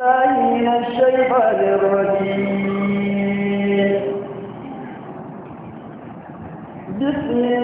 من الشيطان الرجيم بسم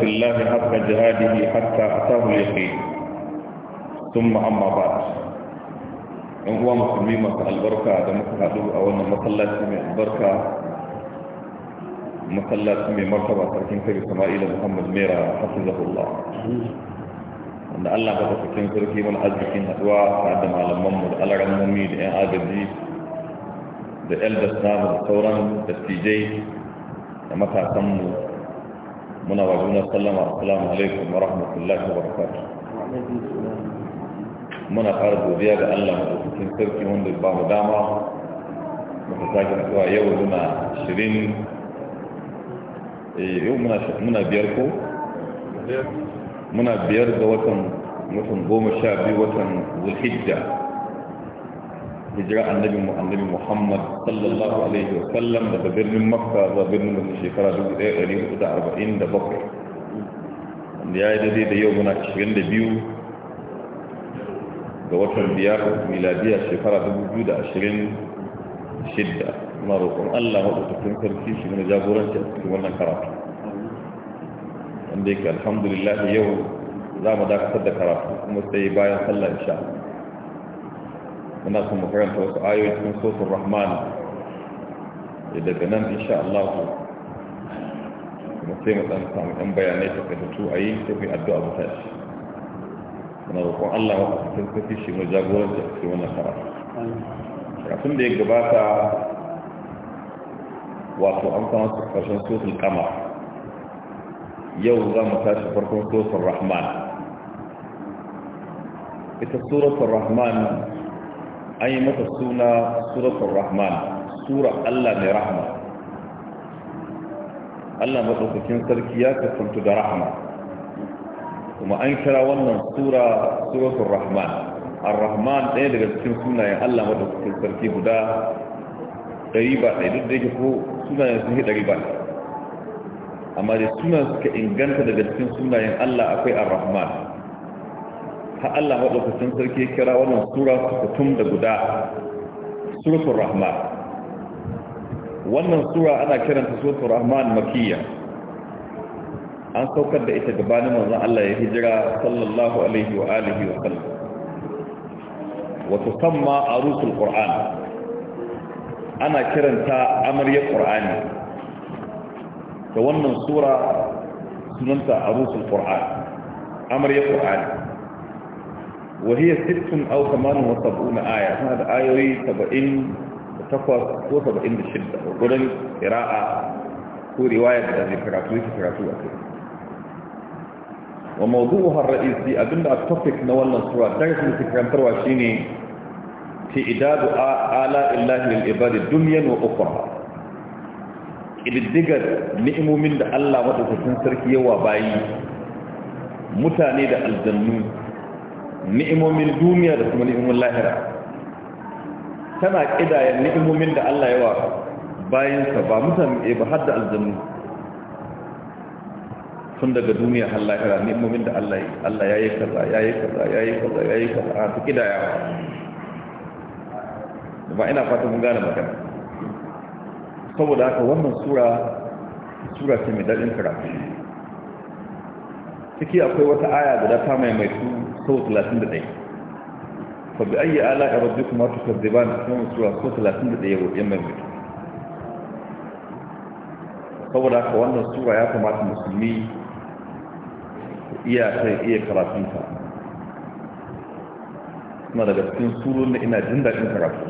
في الله حق جهاده حتى أتاه اليقين ثم أما بعد إن هو مسلمين البركة دمك هذا أولا مصلاتي من البركة مصلاتي من مرتبة تركين في إسماعيل محمد ميرا حفظه الله أن الله قد تكون تركي من أزكين أدواء فعدم على الممد على رمومي لأن آجدي da eldas namu da sauran dattijai da matasanmu ربنا وعليكم السلام السلام عليكم ورحمة الله وبركاته من أرض وزيادة أن لم تكن سركي هند البعض داما متساكي نتوى يومنا شرين إيه، يومنا شرين بياركو من بيار دوتن مثل قوم الشعبي وطن ذو الحجة هجراء النبي النبي محمد صلى الله عليه وسلم ده بيرن مكة ده بيرن مكة في ده قليل ده أربعين ده بكر دي آية دي ده يوم ناكشين ده بيو ده وطن بيار ميلادية في فرا ده بيو ده عشرين شدة ما روكم الله هو تكون كرسي في من جابورا كمانا كراك عندك الحمد لله يوم لا مدى كتب كراك مستيبايا صلى إن شاء الله muna son mu karanta wasu ayoyi cikin sosun rahman eh, daga nan insha Allah kuma sai mu dan samu ɗan bayanai ta kaji a yi sai mu addu'a mu tashi muna roƙon Allah wa cikin kafi shi mu jagoranci a cikin wannan karatu kafin da ya gabata wato an san su karshen sosun kama yau za mu tashi farkon sosun rahman ita suratul rahman an yi mata suna suratul rahman sura Allah mai rahama Allah maɗaukakin sarki ya kasance da rahma, kuma an kira wannan sura suratul rahman ar-rahman ɗaya daga cikin sunayen Allah maɗaukakin sarki guda ɗari ba ɗaya duk da yake ko sunayen sun yi ɗari ba amma da sunan suka inganta daga cikin sunayen Allah akwai ar-rahman har Allah maɗaukacin sarki kira wannan sura kutum da guda suratul rahman wannan sura ana kiranta suratul rahman makiyya an saukar da ita gabanin manzon Allah ya hijira sallallahu alaihi wa alihi wa sallam wa tusamma arusul qur'an ana kiranta amaryar qur'ani da wannan sura sunanta arusul qur'an amaryar qur'ani وهي ست أو ثمان وسبعون آية هذا آية سبعين تقوى وسبعين الشدة وقلن قراءة هو رواية الذي قراءته كقراءته أكيد وموضوعها الرئيسي أبن التوبيك نولنا سورة تعرف من تكرم تروى شيني في إداد آلاء الله للعباد الدنيا وأخرى ƙididdigar ni'imomin da Allah maɗaukakin sarki yawa bayi mutane da aljannu ni'imomin duniya da kuma ni'imomin lahira tana kidaya ni'imomin da Allah yawa bayansa ba mutane eh, ba har da aljannu tun daga duniya har lahira ni'imomin da Allah Allah yayi kaza yayi kaza yayi kaza yayi kaza a ta kidaya ba ina fata mun gane magana saboda haka wannan sura sura ce mai dadin karatu ciki akwai wata aya guda ta maimaitu sau 31 fa bi ayi ala ya rabbi kuma ta kaddiba na cikin sura sau 31 yan mai mutu saboda haka wannan sura ya kamata musulmi iya sai iya karatunta kuma daga cikin surun ina jin daɗin karatu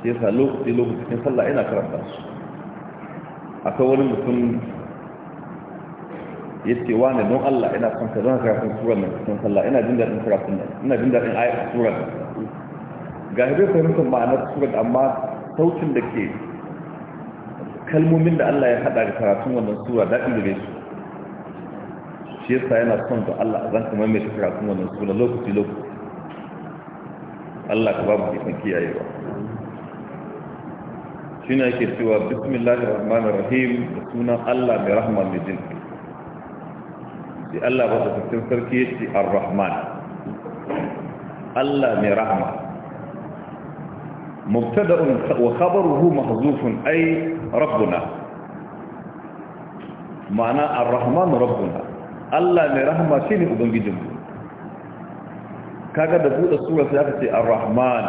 shi yasa lokaci lokaci cikin sallah ina karanta su akwai wani mutum ya ce wa ne don Allah ina son ka zan karatun surar nan cikin sallah ina jin daɗin karatun nan ina jin daɗin ayat surar ga hibe fahimtar ma'anar surar amma sautin da ke kalmomin da Allah ya haɗa da karatun wannan sura daɗin da su shi yasa yana son da Allah a zan kamar mai karatun wannan sura lokaci lokaci Allah ka babu mu ikon kiyayewa shi ne ake cewa bismillahir rahmanir da sunan Allah mai rahama mai jinkai da Allah ba su sarki ya ce ar-rahman Allah mai rahma. mubtada'un wa khabaruhu mahzufun ay rabbuna ma'ana ar-rahman rabbuna Allah mai rahama shine ubangijinmu kaga da buɗe sura sai aka ce ar-rahman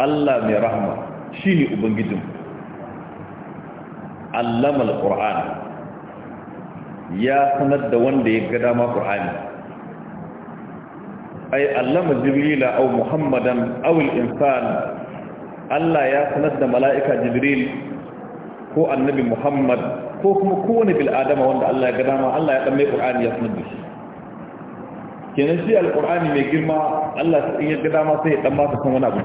Allah mai rahama shine ubangijinmu allama al-qur'ana ya sanar da wanda ya ga dama qur'ani allama jibrila muhammadan al-insan Allah ya sanar da mala'ika jibril ko annabi muhammad ko kuma kowane bil adama wanda Allah ya ga dama Allah ya dan mai ya sanar da shi kenan shi mai girma Allah sai ya ga dama sai ya dan masa wani abu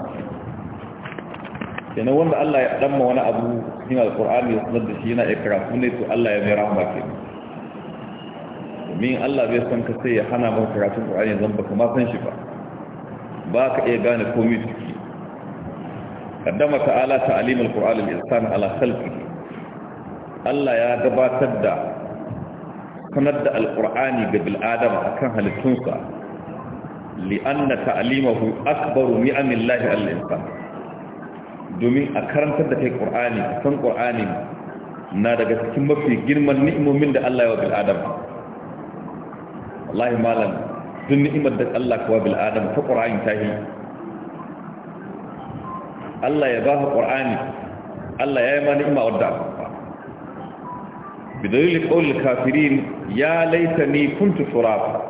kenan wanda Allah ya dan ma wani abu ya sanar da shi yana ikrafu ne to Allah ya mai rahama kenan domin Allah bai san ka sai ya hana maka karatun Qur'ani zan baka ma san shi ba ba ka iya gane komai ciki kaddama ta'ala ta'alimul Qur'an lil insan ala khalqihi Allah ya gabatar da sanar da alqur'ani ga bil adama akan halittunsa li ta'limahu akbaru min amillahi al insan domin a karantar da kai Qur'ani san Qur'ani na daga cikin mafi girman ni'imomin da Allah ya wa bil adama wallahi malam duk ni'imar da Allah kawa bil adam ta qur'ani ta yi Allah ya ba qur'ani Allah ya yi ma ni'ima wadda bidalil qawl kafirin ya laitani kuntu turab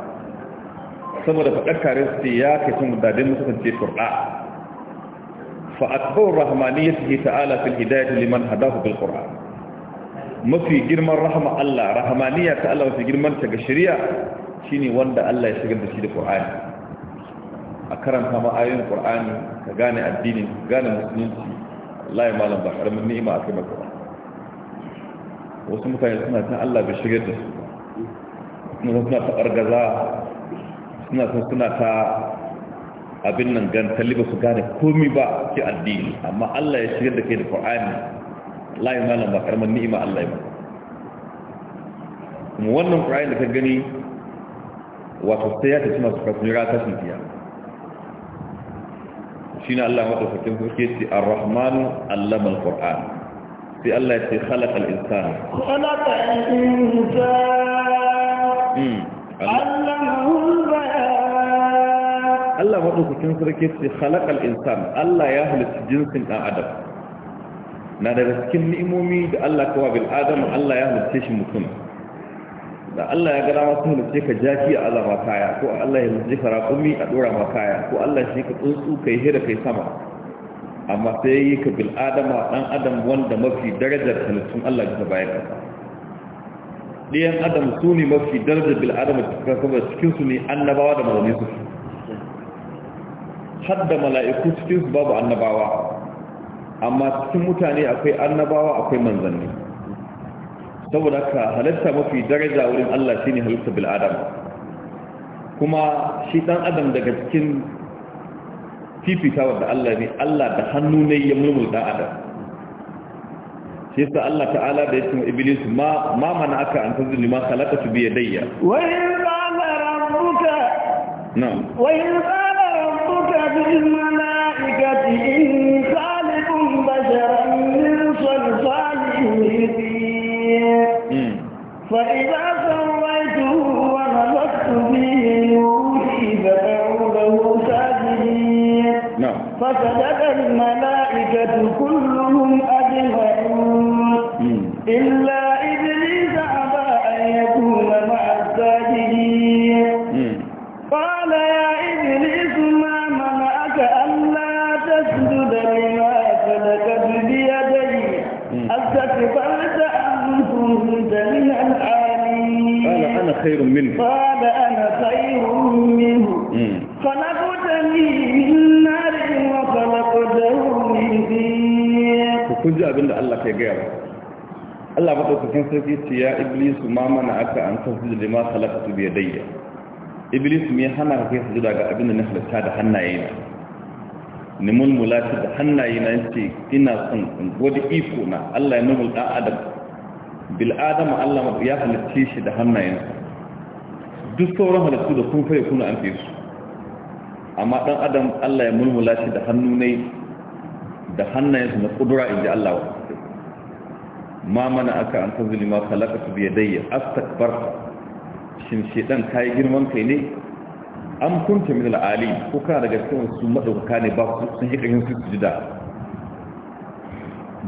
saboda faɗar karisti ya kai sun dadin musulunci turɗa fa'akbar rahmaniyyatihi ta'ala fil hidayati liman hadahu bil qur'an mafi girman rahama Allah rahmaniyya ta Allah mafi girman ta ga shari'a shine wanda Allah ya shigar da shi da Qur'ani a karanta ma ayoyin Qur'ani ka gane addini gane musulunci Allah ya malam ba karamin ni'ima a kai maka wasu mutane suna cin Allah bai shigar da su suna suna ta argaza suna san suna ta abin nan gan taliba su gane komai ba ke addini amma Allah ya shigar da kai da Qur'ani Allah ya malam ba karamin ni'ima Allah ya maka kuma wannan Qur'ani da ka gani wato sai ya tafi masu kafin rata su biya shi na Allah wata sakin suke ce ar-rahmanu allama al-qur'an sai Allah ya ce khalaqa al-insana khalaqa al-insana Allah maɗaukakin sarki ce halakal insan Allah ya halitta jinsin ɗan adam na daga cikin ni'imomi da Allah kawa bil adam Allah ya halitta shi mutum da Allah ya ga dama sun da ka jaki a azama kaya ko Allah ya rubuce ka raƙumi a ɗora ma kaya ko Allah shi ka tsuntsu kai hira kai sama amma sai yi ka bil adama ɗan adam wanda mafi darajar halittun Allah bisa bayan kasa, ɗiyan adam su ne mafi darajar bil adama cikin sama cikin su ne annabawa da mazauni su har mala'iku cikin su babu annabawa amma cikin mutane akwai annabawa akwai manzanni saboda ka halitta mafi daraja wurin Allah shine halitta bil adam kuma shi dan adam daga cikin fifitawar da Allah ne Allah da hannu ne ya mulmul dan adam shi yasa Allah ta'ala da yace iblis ma ma mana aka an tazli ma khalaqatu bi yadayya wa in qala rabbuka na'am wa in qala rabbuka bil malaikati in إلا إبليس أبى أن يكون مع الساجدين قال يا إبليس ما منعك ألا تسجد لما خلقت بيدي أستكبرت أم كنت من العالين قال أنا خير منه قال أنا خير منه خلقتني من نار وخلقته من دين kun ji abin da Allah ke Allah madaukakin sarki ce ya iblis ma mana aka an tasjuda lima khalaqtu bi yadayya iblis me hana ka sujuda ga abin da na halatta da na ni mulmula da na ce ina son in gode iko na Allah ya mulmul da adam bil adam Allah ya halitta shi da na duk sauran halittu da kun fare kuna an fi su amma dan adam Allah ya mulmula shi da hannu ne da su na kudura inji Allah wa ma mana aka an tazuli ma khalaqtu bi yadayya astakbarta shin shedan kai girman kai ne An kunta min al ko ka daga cikin su madaukaka ne ba su sun hikarin su sujuda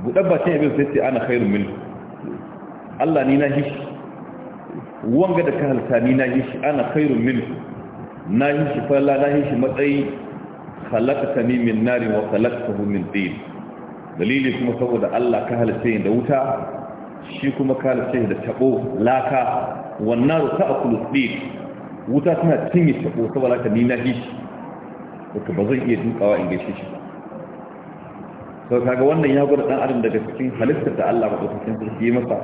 gudabba ta yabi sai ce ana khairu min Allah ni na hishi wanga da ka halta ni na hishi ana khairu min na hishi falla na hishi matsayi ta ni min nari wa ta hu min tin dalili kuma saboda Allah ka halitta da wuta shi kuma ka halitta da tabo laka wannan ta akulu dik wuta tana cinye tabo saboda ka nina shi wata ba zan iya dukawa in gaishe shi ba sau kaga wannan ya gwada dan adam daga cikin halittar da Allah ba cikin sarki masa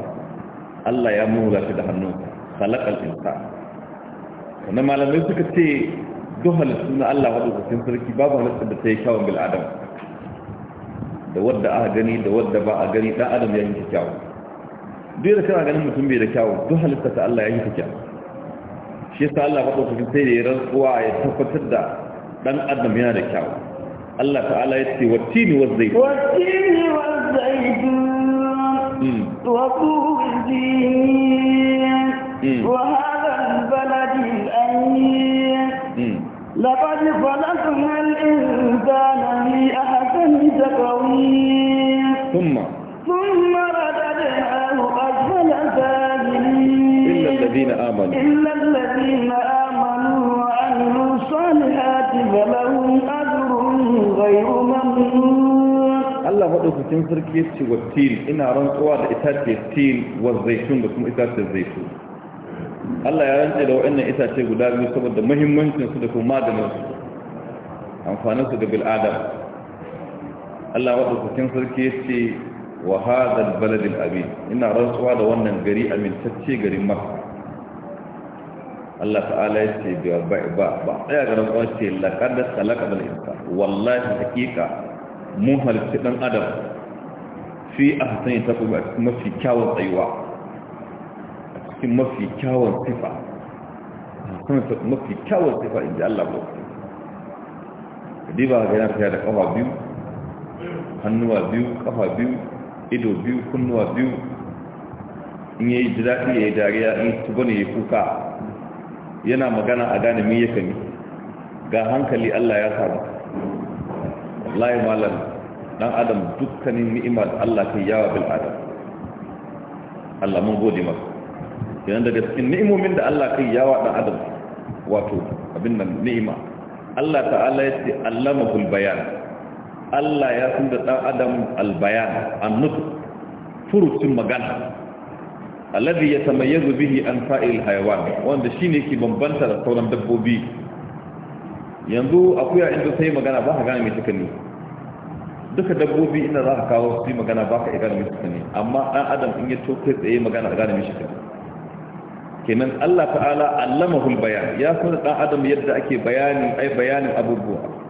Allah ya muhula shi da hannu khalaqal insa. wannan malamai suka ce duk halittu na Allah ba cikin sarki babu halittar da ta yi kyawun bil adam da wadda aka gani da wadda ba a gani dan adam ya yi ta kyawu duk da kana ganin mutum bai da kyawu duk halitta ta Allah ya yi ta kyawu shi yasa Allah ba dokokin sai da ya rantsuwa ya tabbatar da dan adam yana da kyawu Allah ta'ala ya ce wattini wa zaitun wattini wa zaitun hmm. wa qur'in hmm. wa hadha al-balad al-amin hmm. laqad khalaqna al-insana min ahad عند قويه ثم ثم رددناه اسفل سافلين الا الذين امنوا الا الذين امنوا وعملوا الصالحات فلهم اجر غير ممنون Allah maɗaukakin sarki ya ce wa til ina rantsuwa da itace til wa zaitun da kuma itace zaitun. Allah ya rantse da wa'annan itace guda biyu saboda muhimmancinsu da kuma maganinsu amfaninsu ga bil'adar. Allah wa maɗaukakin sarki ya ce wa hadal baladil abin ina rantsuwa da wannan gari amintacce garin maka Allah ta'ala ya ce ba ba ba tsaya ga rantsuwa ce laƙar da salaka da insa wallahi hakika mun halitta ɗan adam fi a hasani ta kuma mafi kyawun tsayuwa a cikin mafi kyawun sifa mafi kyawun sifa in Allah ba diba ga yana fiye da ƙafa biyu hannuwa biyu kafa biyu ido biyu kunnuwa biyu in yayi ji ya yi dariya in tuba gani ya kuka yana magana a gane mai yakan yi ga hankali Allah ya samu wallahi malam dan adam dukkanin ni'imar Allah kai yawa bil adam Allah mun gode maka yana daga cikin ni'imomin da Allah kai yawa dan adam wato abin nan ni'ima Allah ta'ala ya ce allama bayan Allah ya san da ɗan adam albayan annut furucin magana alladhi yatamayyazu bihi an fa'il hayawan wanda shine ke bambanta da sauran dabbobi yanzu akuya inda sai magana ba ka gane mai tukani duka dabbobi inda za ka kawo su magana ba ka iya gane mai tukani amma ɗan adam in ya to kai tsaye magana a gane mai tukani kenan Allah ta'ala allamahul bayan ya sanar ɗan adam yadda ake bayani ai bayanin abubuwa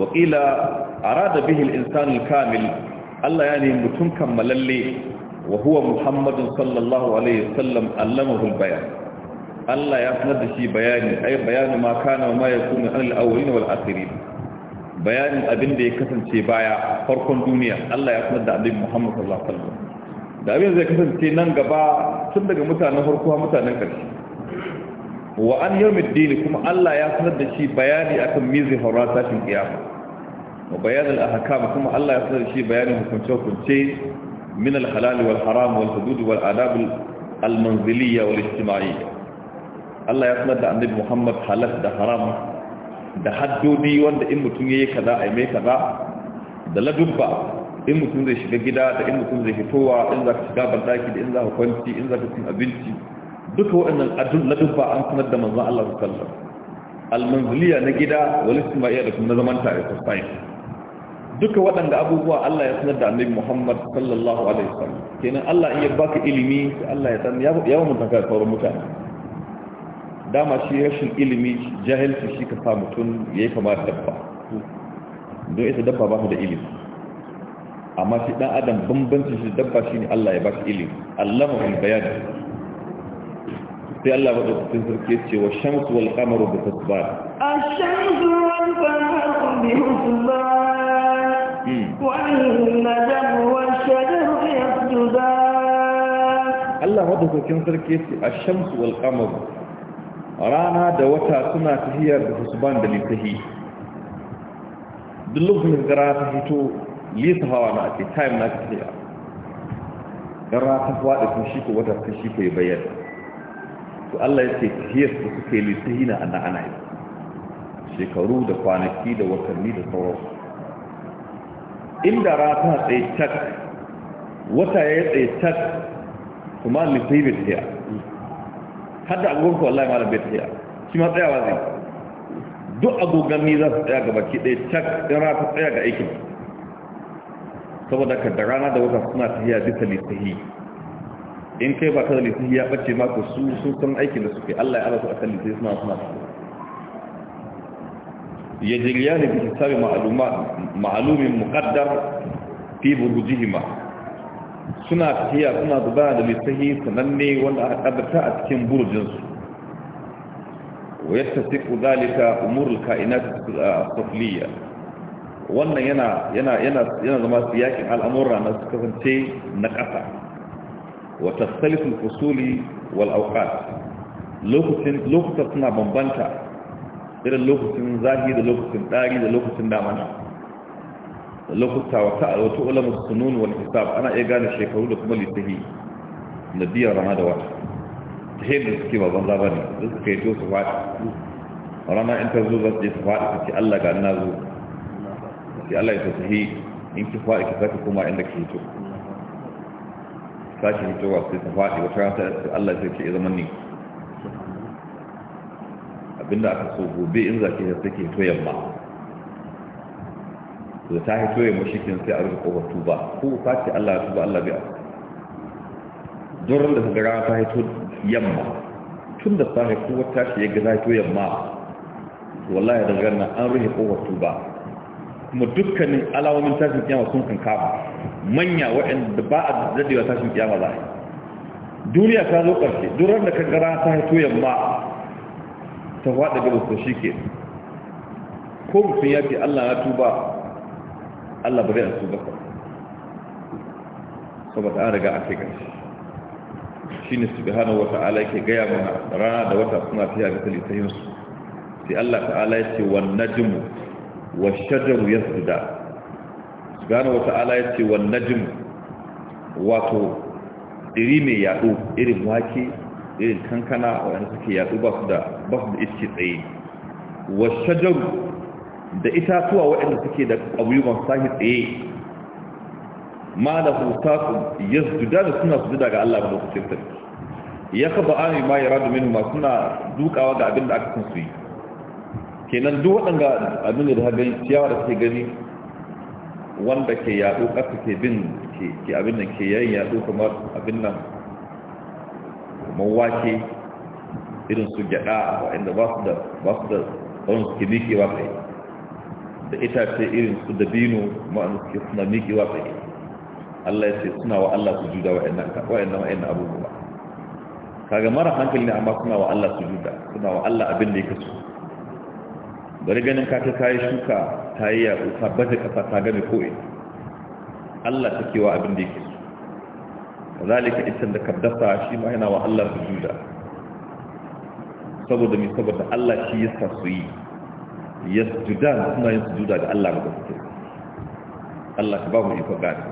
waƙila arada bihi al’insanin kamil Allah ya ne mutum kammalalle wa huwa muhammadun sallallahu alaihi sallam allamahul Allah ya sanar da shi bayani ai bayani ma kana ma ya kuma an al’awari na wal’asiri bayanin abin da ya kasance baya farkon duniya Allah ya sanar da abin muhammadun sallallahu alaihi sallam da zai kasance nan gaba tun daga mutanen farko mutanen ƙarshe wa an dini kuma Allah ya sanar da shi bayani akan mizi horata shin kiyama wa bayan al-ahkam kuma Allah ya sanar da shi bayanin hukunce hukunce min al-halal wal haram wal hudud wal adab al-manziliyya wal ijtima'iyya Allah ya sanar da annabi Muhammad halal da haram da haddodi wanda in mutum yayi kaza ai mai kaza da ladubba in mutum zai shiga gida da in mutum zai fitowa in za ka shiga banɗaki da in za ka kwanci in za ka cin abinci duka waɗannan adun na dubba an sanar da manzon Allah sallallahu alaihi wasallam almanziliya na gida wal istima'iyya da kuma zaman tare ta sai duka waɗanda abubuwa Allah ya sanar da Annabi Muhammad sallallahu alaihi wasallam kenan Allah in ya baka ilimi Allah ya san ya ya mun taka sauran mutane dama shi rashin ilimi jahilci shi ka sa mutum ya yayi kamar dabba don ita dabba ba da ilimi amma shi dan adam bambancin shi dabba shine Allah ya baka ilimi Allah bil bayani. sai Allah ba cikin sarki ce wa shamsu wal qamaru bi tasban ash-shamsu wal qamaru bi tasban hmm. wa an-najmu wash-shajaru yasjudan Allah ba cikin sarki ce ash-shamsu wal qamaru rana da wata suna tahiyar da tasban da litahi duk lokacin da rana ta fito lisa hawa na ake time na tahiya gara ta faɗi kun shi ko wata ta shi ko bayyana to Allah ya ce hiyar da suka yi ana ana na'ana shekaru da kwanaki da watanni da sauransu inda rata tsaye cak, wata ya yi tsaye cak, kuma litahina bai tafiya hadda agogon ya malam bai tafiya shi ma tsayawa zai duk agogon ni za su tsaya ga baki ɗaya cak, in rata tsaya ga aikin saboda ka da rana da wata suna tafiya bisa lissahi. in kai ba kada lissafi ya bace maka su sun san aikin da suke Allah ya ala su a kan lissafi suna suna ya jiriya ne bisa sabi ma'alumin muƙaddar fi burujihima suna tafiya suna zuba da lissafi sananne wanda aka ƙaddata a cikin burujinsu wa yadda sai ku zalika umurul ka'inat sufliya wannan yana yana yana yana zama siyakin al'amura na su kasance na ƙasa وتختلف الفصول والأوقات لوكسن suna bambanta irin lokacin zahi da lokacin ɗari da lokacin damana da lokuta wata ulama sunun wani hisab ana iya shekaru da kuma littafi na biyan rana da wata ta hanyar suke babban zabani da suka yi to su faɗi rana in ta zo za su na allah ya tafi in ki ki kuma inda ke sashi cewa sai ta faɗi wata rata Allah sai ce ya zama ne abinda aka so gobe in zafi ta take hito yamma da ta hito yamma shi kin sai a rufe kofar tuba ko ka ce Allah ya tuba Allah bai a don da ta rana ta hito yamma tun da ta ko wata shi ya ga ta hito yamma wallahi daga nan an rufe kofar tuba kuma dukkanin alawomin tashin kiyama sun kankama manya waɗanda ba a daɗewa tashin kiyama za a yi duniya ta zo ƙarshe durar da kankara ta haito yamma ta faɗa gabas ta shi ke ko mutum ya fi allah na tuba allah ba zai a tuba ba saboda an riga a kai ƙarshe shi ne su hana wata ala yake gaya mana rana da wata suna fiya ga talittahinsu sai allah ta'ala ya ce wannan jimu wa shajaru yasjuda subhanahu wata'ala ya ce wan najm wato diri mai yaɗu, irin wake irin kankana wanda suke yaɗu. ba su da ba su da iske tsaye wa da itatuwa waɗanda suke da ƙauyukan sahi tsaye ma da hutasun yasjuda da suna sujuda ga Allah ba su ya kaba an yi ma yara domin ma suna dukawa ga abin da aka san su yi kenan duk waɗanda abin da ha gani ciyawa da suke gani wanda ke yaɗo ƙasa ke bin ke abin nan ke yayin yaɗo kamar abin nan kamar wake irin su gyaɗa waɗanda ba su da ba su da wani suke miƙewa tsaye da itace irin su dabino ma'ana suke suna miƙewa tsaye Allah ya ce suna wa Allah su juda wa waɗannan abubuwa kaga mara hankali ne amma suna wa Allah su juda suna wa Allah abin da ya kasu bari ganin kata ta yi shuka ta yi yaƙo ta baje ƙasa ta gami ko'in allah ta kewa abin da yake su kazalika itin da kaddasa shi ma yana wa allah su juda saboda mai saboda allah shi ya sa su yi ya juda suna yin su juda ga allah ga gaske allah ka ba mu iko gani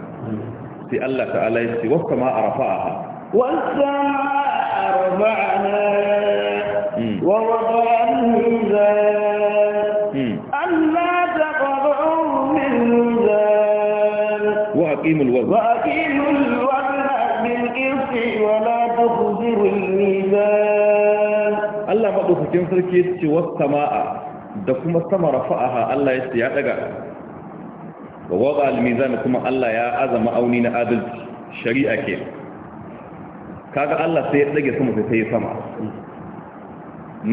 sai allah ta'ala ya ce wasu ma a rafa'a wasu ma a rafa'ana ووضع hmm. الميزان وأقيموا الوزن وأقيموا الوزن بالقسط ولا تخزروا الميزان الله مدوك كم سركي تشوى السماء دكما السماء رفعها الله يشتي يعتقى ووضع الميزان كما الله يا أعظم أونين أدل شريعة كيف kaga Allah sai ya tsage sama sai sai sama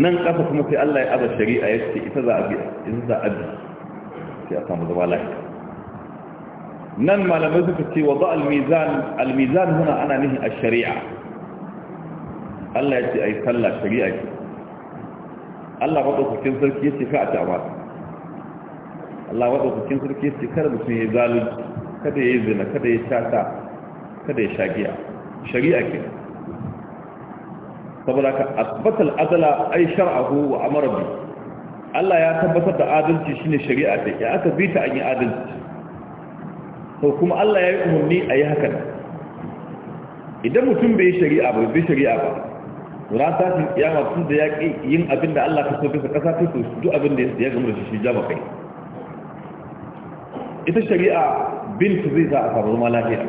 nan kafa kuma sai Allah ya aza shari'a yace ita za nan malamai suka ce wa ba almizan almizan huna ana nihin a shari'a Allah ya ce a yi sallah shari'a ce Allah maɗaukakin sarki ya ce ka a ta'amar Allah maɗaukakin sarki ya ce kada mutum ya zalunci kada ya zina kada ya shata kada ya shagiya shari'a ke saboda ka asbatal adala ai shar'ahu wa amara bi Allah ya tabbatar da adalci shine shari'a ya aka bi ta an yi adalci to kuma Allah ya yi umarni a yi hakan idan mutum bai shari'a ba bai shari'a ba ran tashin kiyama tun da ya ƙi yin abin da Allah ka so bisa ƙasa ta so duk abin da ya gama da shi shi jama kai ita shari'a bin su zai sa a samu zama lahiya?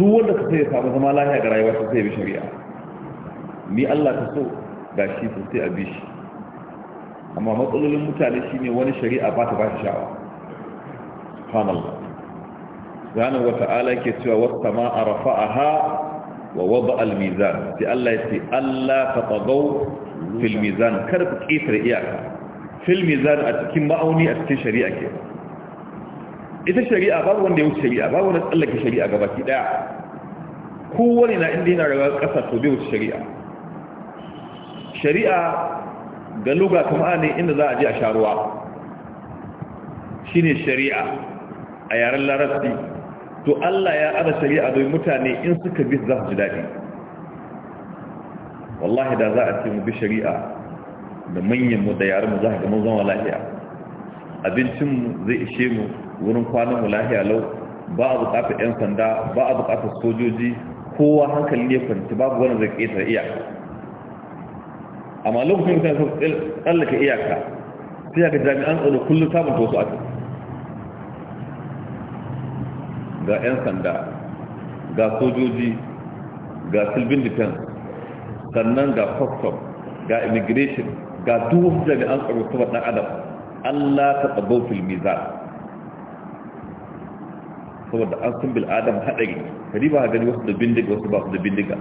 duk wanda ka sai ya samu zama lahiya ga rayuwa ta sai bi shari'a ni Allah ka so ga shi sai a bi shi amma matsalolin mutane shine wani shari'a ba ta ba shi sha'awa subhanallah subhanahu Ta'ala ke cewa was sama'a rafa'aha wa wada al mizan sai Allah ya ce Allah ta tagaw fil mizan kar ku kisar iyaka fil mizan a cikin ma'auni a cikin shari'a ke ita shari'a babu wanda ya wuce shari'a babu wanda tsallake shari'a gabaki daya kowane na inda yana rawar kasa to bai wuce shari'a shari'a ga luga kama ne inda za a je a sharuwa shine shari'a a yaren larabci to Allah ya ada shari'a bai mutane in suka bi za su ji daɗi wallahi da za a ce mu bi shari'a da manyan mu da yaran mu za a ga zama lahiya. abincin mu zai ishe mu wurin kwanan mu lahiya lau ba a bukatar yan sanda ba a bukatar sojoji kowa hankali ne kwanci babu wani zai ƙetare iyaka amma lokacin mutane sun tsallaka iyaka sai ga jami'an tsaro kullum samun wasu a cikin ga 'yan sanda ga sojoji ga silvin defense sannan ga custom ga immigration ga duk jami'an tsaro saboda ɗan adam allah ta tsabau filmizar saboda an sun bil adam haɗari kari ba gani wasu da bindiga wasu ba su da bindiga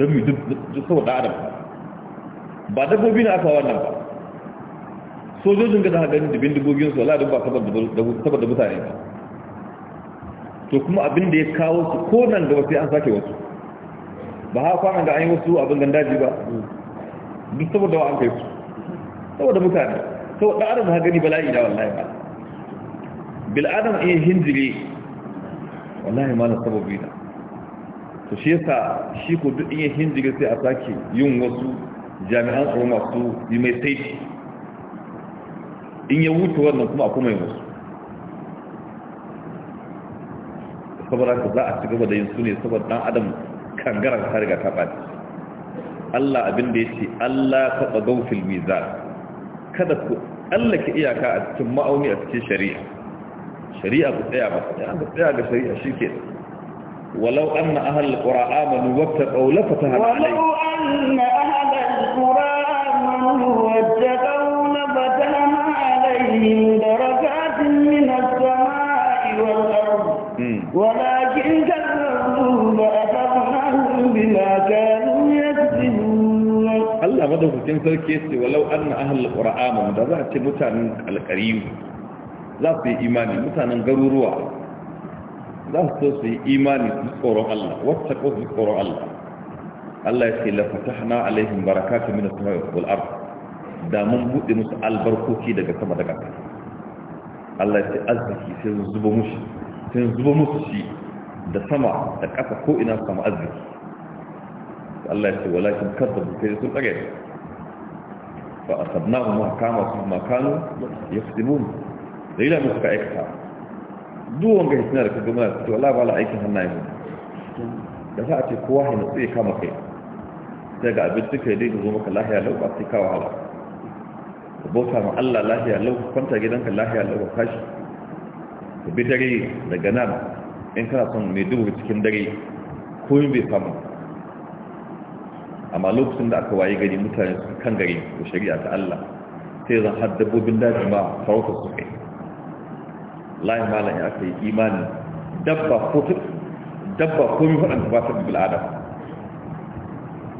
don mu duk saboda adam ba dabbobi na aka wannan ba sojojin ga da gani da bindigoginsu su wala duk ba saboda mutane ba to kuma abin da ya kawo su ko nan gaba sai an sake wasu ba ha kwanan da an yi wasu abin daji ba duk saboda wa an kai su saboda mutane sau da adam ha gani bala'i da wallahi ba bil adam iya eh, hinjiri wallahi ma na sababi na to shi yasa shi ko duk iya hinjiri sai a sake yin wasu jami'an tsaro masu yi mai saiti in ya wuce wannan kuma a kuma wasu saboda ka za a ci gaba da yin su ne saboda dan adam kangaran ta riga ta ɓaci Allah abin da ya ce Allah taɓa gaufil mizan kada ku Allah ke iyaka a cikin ma'auni a cikin shari'a shari'a ku tsaya ba ya an tsaya ga shari'a shi ke walau anna ahal qura amanu wattaqaw la fataha alayhi walau anna ahal qura amanu wattaqaw la fataha alayhim darakatin min as-samai wal ولكن كذبوا فأخذناهم بما كانوا يكذبون الله مدى فتن سركي ولو أن أهل القرآن مدى ذات متان القريب ذات إيماني متان قروروا ذات إيماني بذكور الله واتقوا بذكور الله Allah ya ce la fatahna alaihim barakatun min as-samai wal ard da mun bude musu albarkoki daga sama da ƙasa Allah ya ce azzaki sai zuba mushi sai zuba musu shi da sama da ƙasa ko ina su samu arziki Allah ya ce walakin kasa bukai sun tsare a asabnahu ma kama su ma mun da dalila mu suka aikata duk wanga hitina da kaga muna to Allah ba la aikin hannaye mu da za a ce kowa ya nutsu ya kama kai sai ga abin duka ya daidai zo maka lahiya lau ba sai ka wahala ka bauta ma Allah lahiya lau kwanta gidanka lahiya lau ka kashi. ka bi dare daga nan in kana son mai duhu cikin dare ko yin bai samu amma lokacin da aka waye gari mutane su kan gari da shari'a ta Allah sai zan har dabbobin daji ma farauta su kai layi malam ya aka yi imani dabba ko dabba ko mi faɗin ba ta bibil adam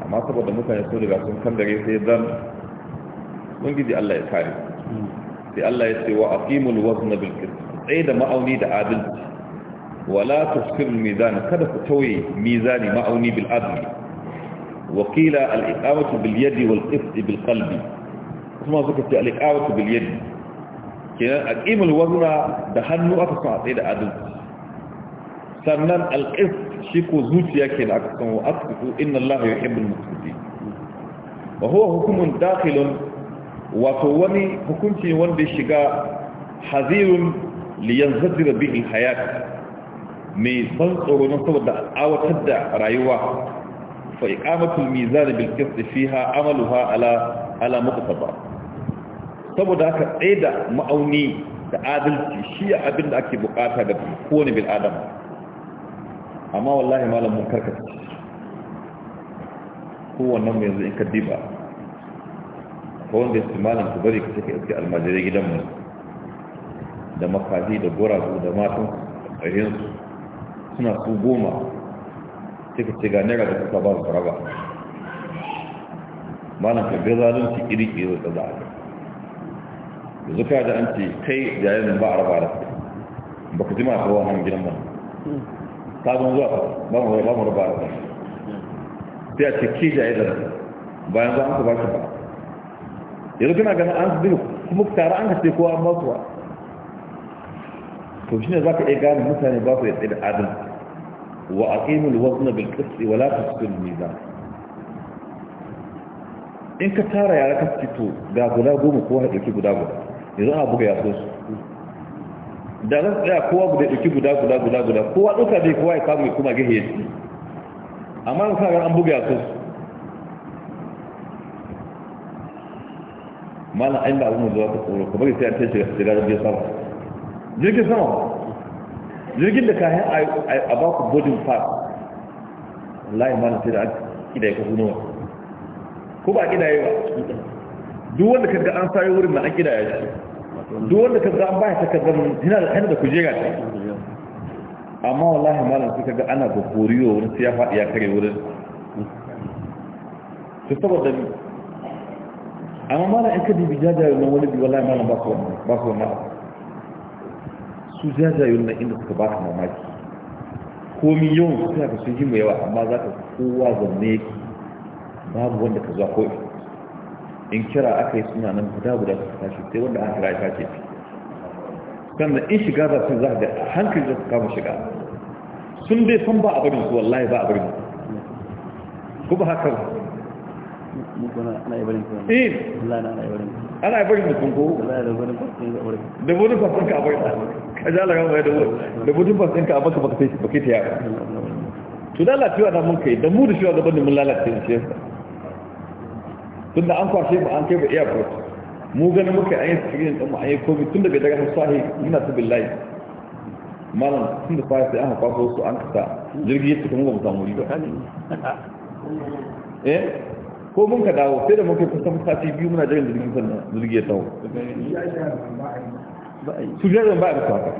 amma saboda mutane sun riga sun kan gari sai zan ubangiji Allah ya kare hmm. sai Allah ya ce wa aqimul wazna bil qist tsaye da ma'auni da adalci wala tufsir mizan kada ku tauye mizani ma'auni bil adli wa qila al iqamatu bil yadi wal qist bil qalbi kuma suka ce al iqamatu bil yadi kenan aqimul wazna da hannu aka san a tsaye da adalci sannan al qist shi ko zuciya kenan aka san wa asfiku inna allah yuhibbul muqsitin wa huwa hukumun dakhilun wato wani hukunci wanda shiga hazirun liyan zazzira bihin hayat mai ban tsoro don saboda awatar da rayuwa fa iqamatul mizan bil qist fiha amaluha ala ala muqtaba saboda haka tsaida ma'auni da adalci shi abin da ake bukata ga kowane bil adam amma wallahi malam mun karkata kowannen mai yanzu in ka diba ko wanda ya malam ku bari ka take iske almajirai gidanmu da makafi da su da matan ƙarinsu suna su goma suka ce ga naira da kuka ba su raba ba na kaga zalunci ƙirƙiri da za a da zuka da an ce kai da yanin ba a raba da ba ka jima ka wani gidan ba zan zuwa ba mu raba da ba sai a ce ki da yanin bayan za a ka ba shi ba yanzu kana ganin an su kuma tare an ka ce kowa ba to shi ne za ka iya gane mutane ba su ya tsaye da adam wa a ƙimul wasu bil ƙasri wa la tasbin nizam in ka tara yara ka fito ga guda goma kowa ya ɗauki guda guda ya zama buga ya so su da zan tsaya kowa guda ɗauki guda guda guda guda kowa ɗauka dai kowa ya samu ya kuma gahe ya amma ya kaga an buga ya so su malam ainihin abin da zuwa ka tsoro ka bari sai an tashi da shiga biyar sama jirgin sama jirgin da kayan a ba ku bodin far wallahi malam sai da an ka hunuwa ko ba a kidaye ba duk wanda kaga an sayo wurin na an kidaye shi duk wanda kaga an baya takardar yana da kaina da ga ta amma wallahi malam sai kaga ana ga koriyo wurin sai ya faɗi ya kare wurin su saboda ni amma malam in ka dubi jajayen wani bi wallahi malam ba su wannan su jajayen na inda suka su mamaki komi yawan su ta kasu mai yawa amma za ka kowa zanne babu wanda ka zuwa koyi in kira aka yi suna nan guda guda su tashi sai wanda aka kira ya ce sannan in shiga za su za ga hankali za su kama shiga sun dai san ba a barin su wallahi ba a barin ku ba haka ba eh Allah na na barin ana bari mutum ko da budin fasinka a baka ka ja lagan bai da wuri da budin fasinka a baka baka sai shi baka ta yara to lalacewa na mun kai da mu da shi wa gaban da mun lalace ne shi yasa tunda an kwashe mu an kai ba airport mu ganin muka an yi screen din mu an yi covid tun daga daga sahi muna ta billahi malam tun da fara sai an kwaso su an kasa jirgi ya tuka mu ba mu samu riba eh ko mun ka dawo sai da mun kai kusan sati biyu muna jiran jirgin sannan jirgi ya tawo su jiran ba a bisa haka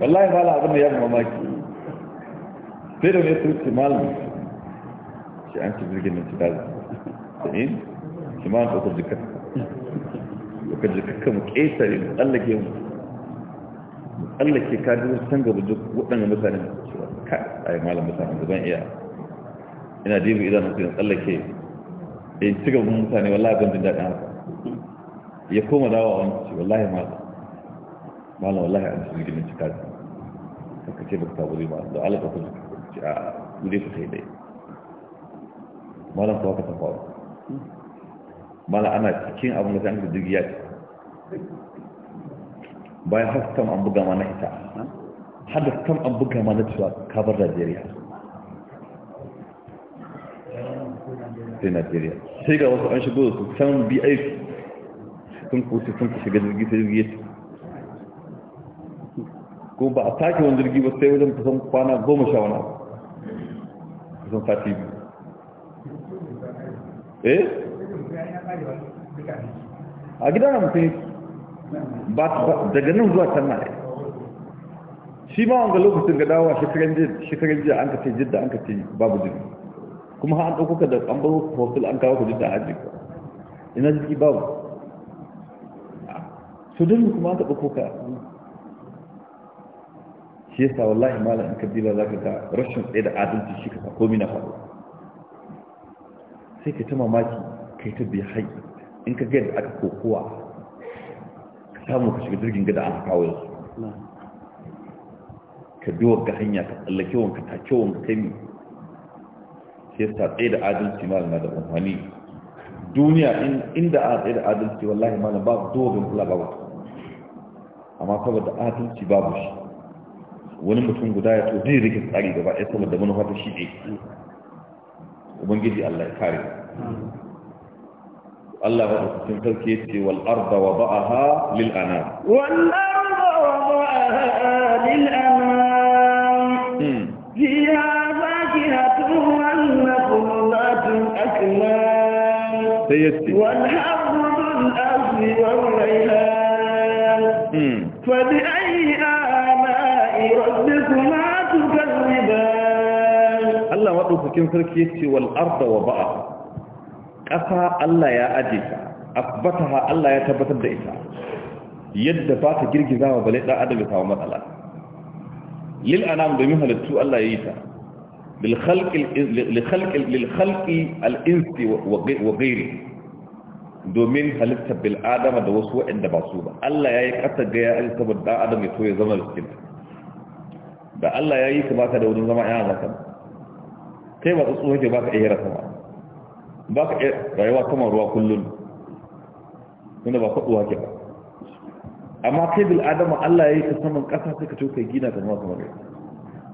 wallahi ba la abin da ya maki sai da wani turki malam shi an ci jirgin nan ci dazu sai shi ma ta ɗaukar jikar ka jikar kan ƙetare mu tsallake mu tsallake kajin sun gaba duk waɗanda mutane ka malam mutane da zan iya ina dibu idan mutum tsallake in ci gaban mutane wallahi ban jin daɗin haka ya koma dawa wani ce wallahi malam malam wallahi an ci gidan cika ce suka ce baka taburi ba da alaƙa kuma ci a wuri su kai dai malam kuwa ka tafawa malam ana cikin abin da ta hankali jirgiya ce bayan haskan an buga mana ita har da kan an buga ma na cewa kabar najeriya sai najeriya sai ga wasu an shigo su san bi aiki sun kusa sun kusa shiga jirgi sai jirgi ya ko ba a sake wani jirgi ba sai wajen kusan kwana goma sha wani kusan sati biyu eh a gida na mutum ba daga nan zuwa can na shi ma wanga lokacin ga dawa shekaran jiya an ka ce jidda an ka ce babu jirgi kuma an ka da an bar hotel an kawo ku jidda a jirgi ina jirgi babu so don kuma an taɓa koka shi sa wallahi malam in kabila za ka ga rashin tsaye da adalci shi ka sa komi na faru sai ka ta mamaki ka yi ta biya hai in ka gaya da aka kokowa ka samu ka shiga jirgin gada an kawo yanzu ka bi wanka hanya ka tsallake wanka take wanka kami shi yasa tsaye da adalci ma na da amfani duniya inda a tsaye da adalci wallahi malam babu dogon kula ba babu amma saboda adalci babu shi wani mutum guda ya to zai rike tsari gaba ɗaya saboda manufa ta shi ne ubangiji Allah ya kare Allah ba da cikin sarki yace wal arda wa ba'aha lil anam wal فيها hmm. فاكهة والنخلات الأكمام والحب الأرض والريحان hmm. فبأي آلاء ربكما تكذبان الله وضعكم تركيتي wa ba'a ƙasa Allah ya aje ta Allah ya tabbatar da ita yadda ba ta girgizawa bale ɗan adam ya samu matsala lil anam domin halittu Allah ya yi ta lil khalqi al insi wa ghairi domin halitta bil'adama da wasu waɗanda ba su ba Allah ya yi ƙasa ga ya saboda dan adam ya so ya zama cikin da Allah ya yi ba ta da wurin zama yana zaka kai ba tsotso ba baka iya rasa ba baka rayuwa kamar ruwa kullun tunda ba faɗuwa ke ba amma kai bil adama Allah yi ka saman ƙasa sai ka tuka gina ta zama kamar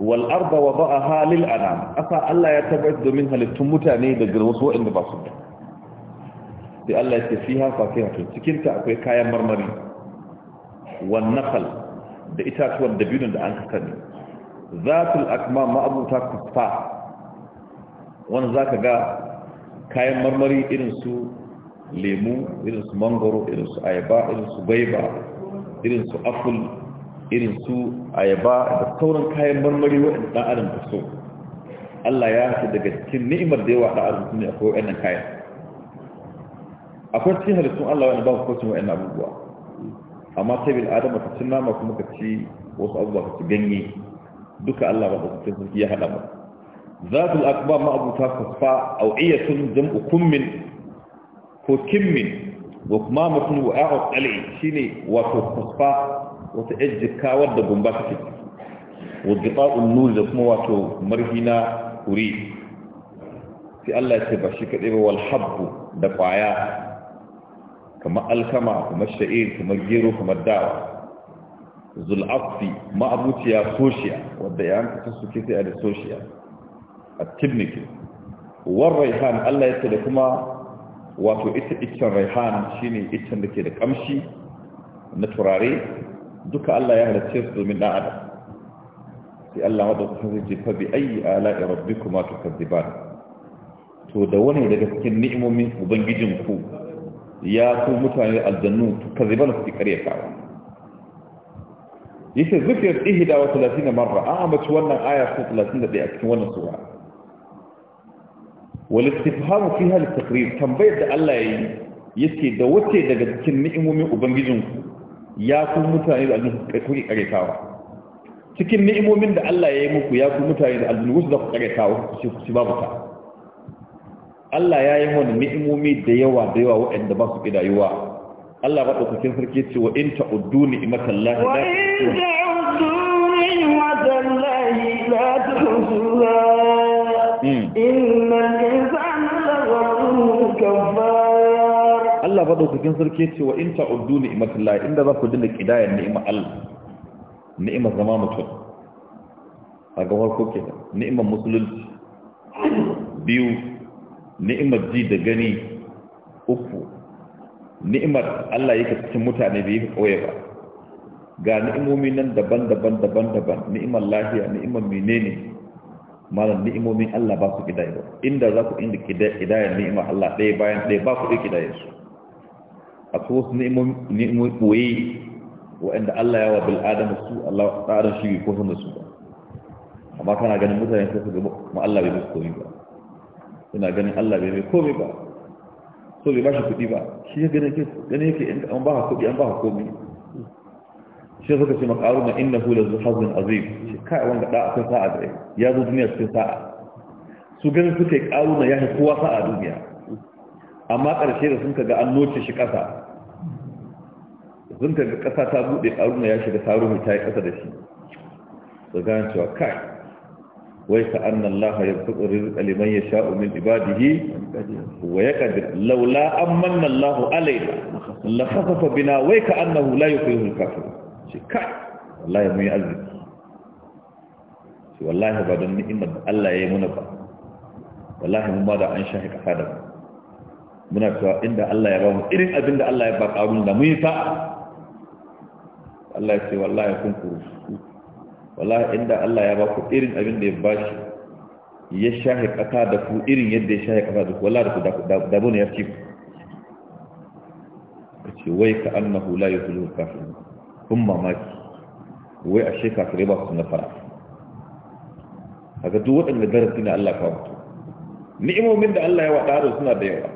wal arda ba'a lil anam asa Allah ya tabbata domin halittun mutane da wasu waɗanda ba su da sai Allah ya ce fiha fakihatun cikin ta akwai kayan marmari wan nakal da itatuwan dabino da an kasani zatul akma ma abuta kufa wannan zaka ga kayan marmari irin su lemu irin su mangoro irin su ayaba irin su gwaiba irin su apple irin su ayaba da sauran kayan marmari waɗanda ɗan adam ta so Allah ya fi daga cikin ni'imar da yawa ɗan adam ne akwai waɗannan kayan akwai cikin halittun Allah wani ba ku wa waɗannan abubuwa amma sai bil adam ka ci nama kuma ka ci wasu abubuwa ka ci ganye duka Allah ba ku kocin sarki ya haɗa ba zatul akbar ma abuta fasfa au'iyatun jam'u kummin ko kimmin wa kuma mutum wa ya'u tsali shine wato kusfa wata ejjika wadda gumba take wa gita'un nur da kuma wato marhina kuri. sai Allah ya ce ba shi kadai ba wal habbu da kwaya Kama alkama kamar sha'ir kamar gero kamar dawa zul'afi ma'abuciya soshiya wadda ya hankata su ke sai a da soshiya a tibnikin warraihan Allah ya ce da kuma wato ita iccen raihan shine iccen da ke da kamshi na turare duka Allah ya halarce su domin dan adam sai Allah madaukakin zai fa bi ayi ala'i rabbikuma tukazziban to da wani daga cikin ni'imomin ubangijin ku ya ku mutane aljannu tukazziban su karyatawa yace zikr ihda wa 30 marra a ambaci wannan aya ko 31 a cikin wannan sura والاستفهام فيها التقرير تنبيه da Allah yayi yace da wace daga cikin ni'imomin ubangijinku ya ku mutane da aljanna ku karetawa cikin ni'imomin da Allah yayi muku ya ku mutane da aljanna da ku karetawa shi babu ta Allah ya yi mana ni'imomi da yawa da yawa waɗanda ba su kidayuwa Allah ba dokokin sarki ce wa in ta'uddu Hmm. innal insana laghafurun kafar Allah ba dokokin sarki ce wa in ta'uddu ni'matullahi inda za ku dinga kidayar ni'imar Allah ni'imar zama mutum a ga farko kenan ni'imar musulunci biyu ni'imar ji da gani uku ni'imar Allah yake cikin mutane bai yi kawai ba ga ni'imomi nan daban-daban daban-daban ni'imar lafiya ni'imar menene malam ni'imomin Allah ba su kidaya ba inda za ku inda kidaya ni'imar Allah ɗaya bayan ɗaya ba ku ɗaya kidaya su a su wasu ni'imomin ɓoye wa'anda Allah ya wa bil'adama su Allah tsarin shi ko sun da su ba amma kana ganin mutane sai su gaba kuma Allah bai musu komi ba suna ganin Allah bai mai komi ba so bai ba shi kuɗi ba shi ya ganin yake an ba ka kuɗi an ba ka komi sai suka ce makaruna innahu la zuhazin azim shi kai wanda da akwai sa'a da ya zo duniya cikin sa'a su ganin suka yi na ya kowa sa'a duniya amma ƙarshe da sun kaga an noce shi ƙasa sun kaga ƙasa ta buɗe na ya shiga saruhu ta yi ƙasa da shi su gane cewa kai wai ka annan laha ya fi ƙorin ƙaliman ya sha min ibadihi wa ya ƙadir laula an manna lahu alaina la kasafa bina wai ka annahu la kai kuyi hulkafin ce kai wallahi mun yi arziki wallahi ba don ni'imar da Allah ya yi muna ba wallahi mun ba da an shahi da muna cewa inda Allah ya ba mu irin abin da Allah ya ba da mun yi Allah ya ce wallahi kun kuru wallahi inda Allah ya ba ku irin abin da ya ba shi ya shahi da ku irin yadda ya shahi da ku wallahi da ku da ya ce wai ka annahu la yuhillu kafirun abin mamaki wai a shekara kare ba su nasara ga duk waɗanda darasi na Allah kawo ni'imomin da Allah ya wa ɗaro suna da yawa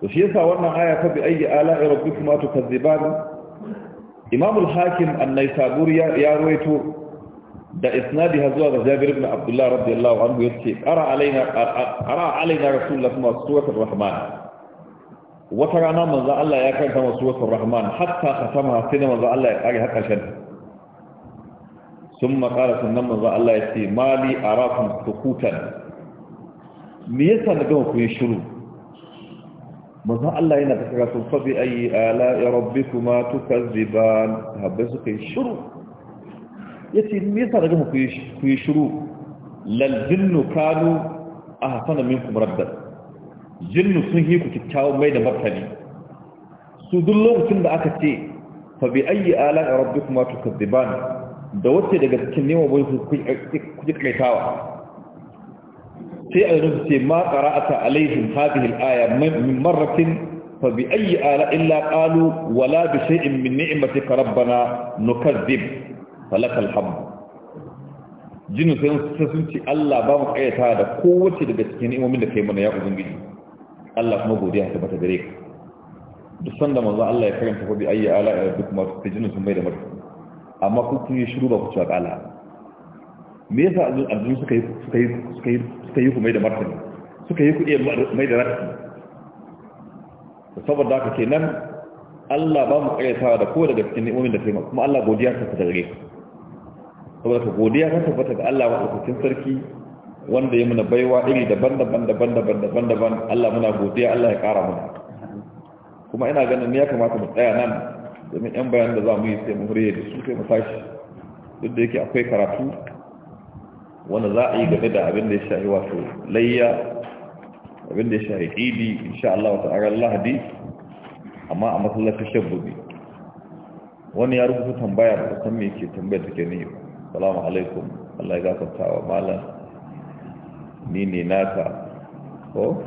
to shi yasa wannan aya ta bi ayyi kuma rabbikuma tukazziban imam al-hakim an-naisaburi ya ruwaito da isnadi har zuwa ga jabir ibn abdullah radiyallahu anhu yace ara alaina ara alaina rasulullah sallallahu alaihi wasallam wata rana manzo Allah ya karanta masu suratul rahman hatta khatama sai da manzo Allah ya kare har karshen sun makara sunan manzo Allah ya ce mali arafun sukutan me yasa na ga ku yi shiru manzo Allah yana tafiya sun fabi ayi ala ya rabbikuma tukazziban habbe su kai shiru yace me yasa na ga ku yi shiru lal jinnu kanu ahsana minkum rabban jinnu sun yi ku kyakkyawan mai da martani su duk lokacin da aka ce fa bi ayyi ala rabbikuma tukadziban da wacce daga cikin neman wani su kuji kaitawa sai a yanzu ce ma qara'ata alaihim hadhihi al-aya min marratin fa bi ayyi ala illa qalu wala bi shay'in min ni'matika rabbana nukadzib falakal hamd jinnu sai sun ce Allah ba mu kaita da kowace daga cikin ni'imomin da kai mana ya ubangiji Allah kuma godiya ta bata gare ka duk sanda manzo Allah ya karanta fa bi ayyi ala rabbikum eh, tastajinu sun bai da marka amma ku kun yi shiru ba ku ci ala me yasa aljin suka yi suka yi suka yi suka yi ku mai da martani suka yi ku iya mai da rati saboda haka kenan Allah ba mu karyatawa da ko daga cikin ni'imomin da kai kuma Allah godiya ta gare ka saboda ka godiya ta tabbata ga Allah wa sarki wanda ya muna baiwa iri daban-daban daban-daban daban-daban Allah muna godiya Allah ya kara muna kuma ina ganin ya kamata mu tsaya nan domin yan bayan da za mu yi sai mu hurye da su sai mu tashi duk da yake akwai karatu wanda za a yi game da abin da ya shahi wato layya abin da ya shahi idi insha Allah wata aran lahadi amma a masallacin shabbubi wani ya rubuta tambaya ba kan me ke tambayar take ne salamu alaikum Allah ya gafarta wa malam ni ne nata ko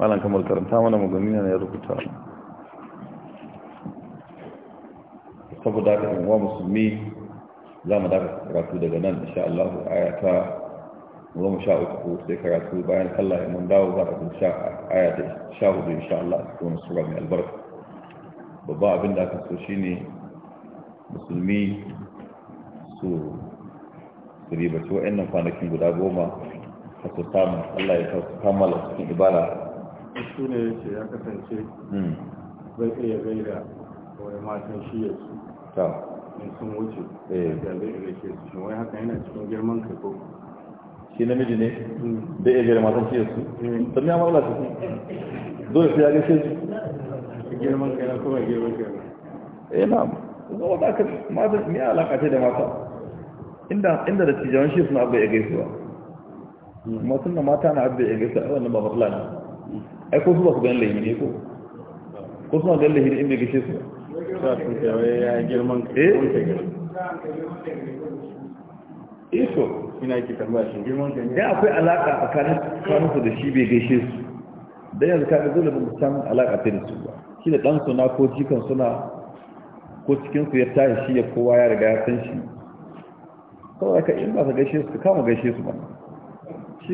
malan kamar karanta mana magamina ya rubuta saboda haka yan musulmi za mu daga karatu daga nan insha Allah ayata goma sha uku ko sai karatu bayan ya mun dawo za a sha aya da sha hudu insha Allah a cikin sura mai albarka babba abin da aka so shine musulmi su su ribaci wa'annan kwanakin guda goma a su samu Allah ya kammala cikin ibada su ne ya ce ya kasance hmm. zai iya gaida wani matan shi ya su in sun wuce eh. da zai iya ke su shi wai haka yana cikin girman kai ko shi namiji ne da ya gare matan ciyar su ta ya mawala su dole su ya gaishe su girman kai na kuma girman kai eh na zuwa da aka mata ne ce da mata inda inda da tijawan shi suna abu ya gaisu ba. Masu da mata na abu ya gaisuwa a wannan ba matsala ne ai ko su ba su gani lahiri ne ko ko suna ganin lahiri ne inda gaishe su sa sun kai ya girman kai eh iso eh ina yake tambaya shi girman kan ya akwai alaka tsakanin kanunsu da shi bai gaishe su da yanzu ka ga dole mu san alaka ta da su ba shi da dan suna ko jikan suna ko cikin su ya tashi shi ya kowa ya riga ya san shi kawai ka in ba ka gaishe su kama gaishe su ba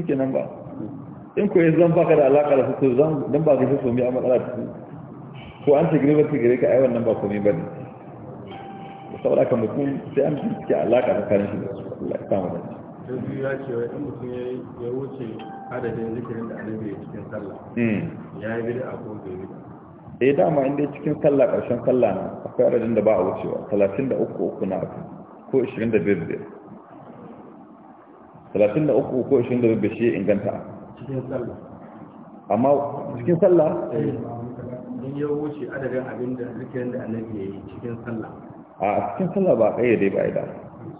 kenan ba in ko yanzu zan baka da alaka da su to zan dan ba gaishe su mai amala ko an ce gribe ka gare ka ai wannan ba komai bane saboda ka mutum sai an bincike alaka tsakanin shi da su Allah ya samu da shi don biyu ya ce wai mutum ya wuce adadin zikirin da annabi ya cikin sallah hmm. ya yi bid'a ko bai bid'a eh dama inda cikin sallah ƙarshen sallah na akwai adadin da ba a wucewa 33 uku na abu ko da talatin da uku ko da 25 shi ya inganta cikin sallah amma cikin sallah eh, in ya wuce adadin abin da zikirin da annabi ya yi cikin sallah a cikin sallah ba ɗaya dai ba ida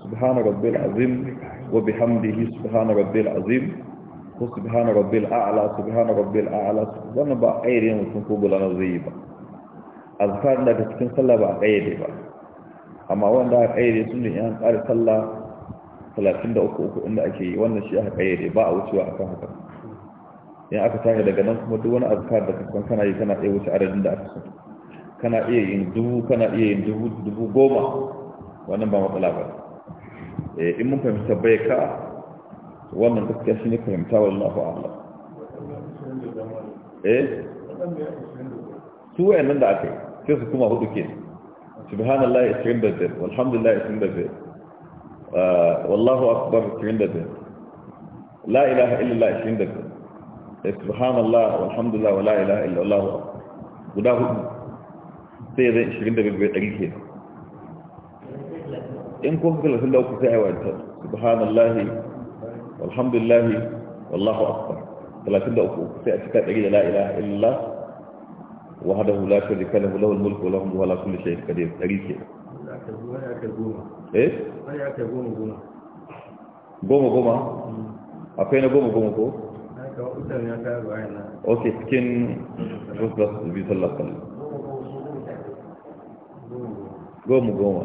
subhana rabbil azim wa bihamdihi subhana rabbil azim ko subhana rabbil a'la subhana rabbil a'la wannan ba ɗaya dai mutum ko bulana zai yi ba azkar da cikin sallah ba ɗaya dai ba amma wanda aka ƙayyade sun ne yan tsari sallah 33 inda ake yi wannan shi aka ƙayyade ba a wucewa a haka yan aka tashi daga nan kuma duk wani azkar da kasan kana yi kana iya wuce adadin da aka sani kana iya yin dubu kana iya yin dubu dubu goma wannan ba matsala ba eh, in mun fahimta bai ka wannan gaskiya shi ne fahimta wallahu a'lam eh su wayannan da aka yi sai su kuma hudu ke subhanallah 25 walhamdulillah 25 eh, wallahu akbar 25 la ilaha illallah 25 eh, subhanallah walhamdulillah wala ilaha illallah guda hudu sai zai shirin da 25 ɗari ke in kuka kula sun lauku sai wata subhanallahi walhamdulillahi wallahu akbar 33 sai a cika ɗari da la'ilaha illa wahadahu la sharika lahu lahul mulku wa lahu ala kulli shay'in qadir ɗari ke eh goma goma akwai na goma goma ko ok cikin rasulullah sallallahu alaihi wasallam goma goma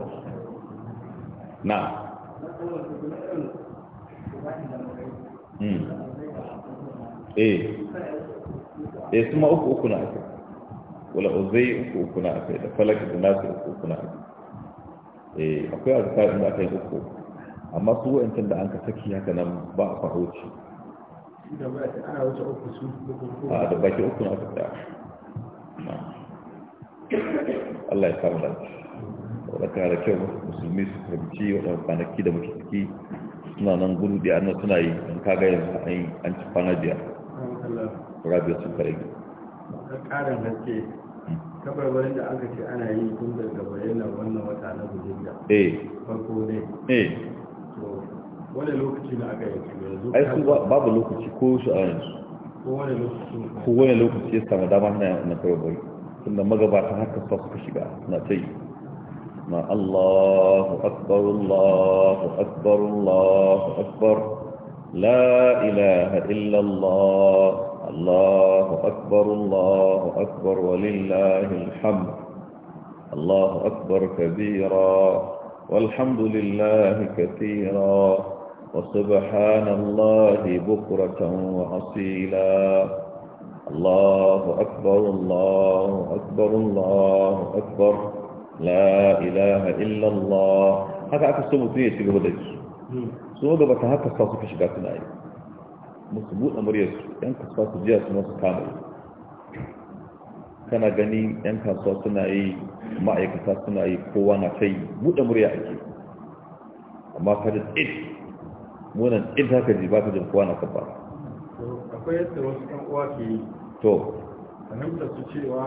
na hmm. eh eh suma uku uku na aka wala zai uku uku na aka da falaka da nasu uku uku na aka eh akwai azkar da aka yi uku amma su wa'ancan da an ka saki haka nan ba a faroci a da baki uku na aka tsaya Allah ya samu lafiya wadaka da kyau musulmi su fahimci waɗanda kwanaki da muke ciki suna nan gudu da annan suna yi an kaga yanzu an yi an ci kwana biyar rabia sun kare gi ƙarin haske kabarbarin da aka ce ana yi tun daga bayyana wannan wata na hujjiyya eh farko ne eh to wani lokaci na aka yi. yanzu ai su babu lokaci ko su a yanzu ko wani lokaci ko wani lokaci ya samu dama na kabarbarin tunda magabatan haka sa suka shiga suna ta yi ما الله أكبر الله أكبر الله أكبر لا إله إلا الله الله أكبر الله أكبر ولله الحمد الله أكبر كبيرا والحمد لله كثيرا وسبحان الله بكرة وأصيلا الله أكبر الله أكبر الله أكبر, الله أكبر la ilaha illallah haka aka so mutum ya ci gaba da su su ga ta haka sa suka shiga suna yi musu buɗe muryarsu yan kasuwa su jiya su masu kama kana gani yan kasuwa suna yi ma'aikata suna yi kowa na kai buɗe murya ake amma ka da tsit munan tsit haka ji ba ka jin kowa na kafa akwai yadda wasu kan uwa ke yi to fahimta su cewa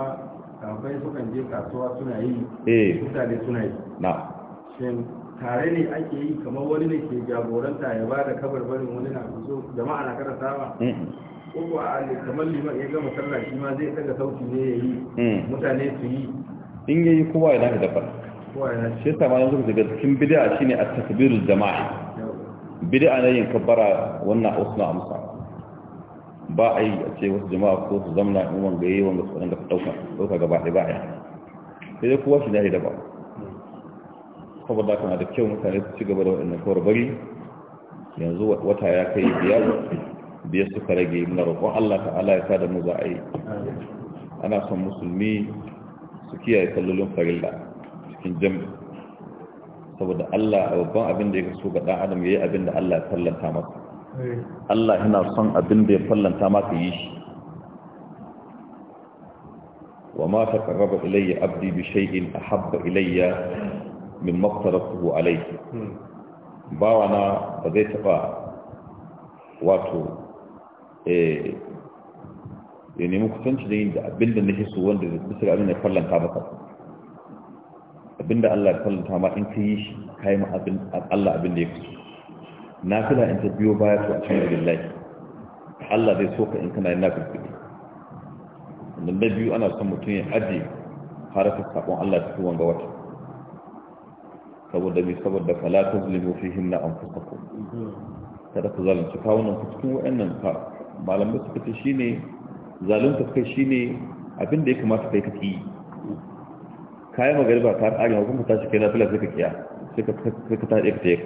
sahabbai sukan je kasuwa suna yi eh. mutane suna yi shin tare ne ake yi kamar wani ne ke jagoranta ya ba da kabarbarin wani na kuso jama'a na kada saba uku a ne kamar liman ya gama sallah shi ma zai daga sauki ne ya yi mm. mutane su yi in yi kowa ya nafi daban shi ta ma yanzu daga cikin bid'a shine a takbirul jama'a bid'a ne yin kabbara wannan usna amsa ba a yi a ce wasu jama'a ko su zamna in wanga yi wanga su wanda ɗauka ɗauka gaba ɗaya baya sai dai kowa shi da da ba saboda kana da kyau mutane su ci gaba da waɗannan kawar yanzu wata ya kai biyar biyar suka rage muna roƙon Allah ta'ala ya sa da mu za a yi ana son musulmi su kiyaye sallolin farilla cikin jami'a saboda Allah babban abin da ya so ga ɗan adam ya yi abin da Allah ya sallanta masa Allah yana son abin da ya fallanta maka yi shi wa ma taqarraba ilayya abdi bi shay'in ahabba ilayya mimma qarrabtuhu alayhi bawana ba zai taba wato eh ya nemi kusanci da yin abinda na hisu wanda zai kusa abin ya fallanta maka abinda Allah ya fallanta ma in ka yi shi kayi ma Allah abinda ya kusa na fila in ta biyo baya to alhamdulillah Allah zai soka in kana yana kulkuli nan da biyu ana son mutum ya aji harafin sabon Allah cikin wanga wata saboda bi saboda fala tazlimu fihim na anfusakum kada ku zalunci kawunan ku cikin wa'annan ka, malamai suka ce shine zalunta kai shine abin da ya kamata kai kake yi kayan magariba ta ƙari hukunta ta shi kai na fila sai ka kiya sai ka ta ɗaya ka ta yi.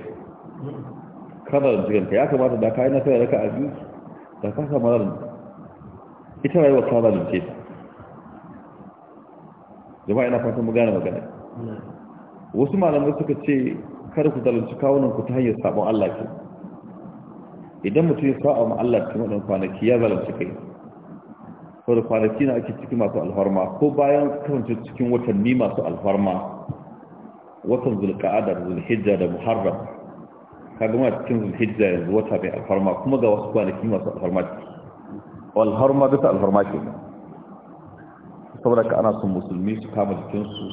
kabarin jiranka ya kamata da kayan na tsaye raka a biyu da ka samarar ita rayuwar da ce ta jama'a ina fatan mu gane magana wasu malamai suka ce kada ku zalunci kawunan ku ta hanyar sabon Allah ke idan mutum ya sa'a ma Allah cikin waɗannan kwanaki ya zalunci kai ko da kwanaki na ake ciki masu alfarma ko bayan kasance cikin watanni masu alfarma watan zulƙa'a da zulhijja da muharram kaga ma cikin hijja yanzu wata bai alfarma kuma ga wasu kwanaki masu alfarma ce alfarma duka alfarma ke saboda ka ana son musulmi su kama jikin su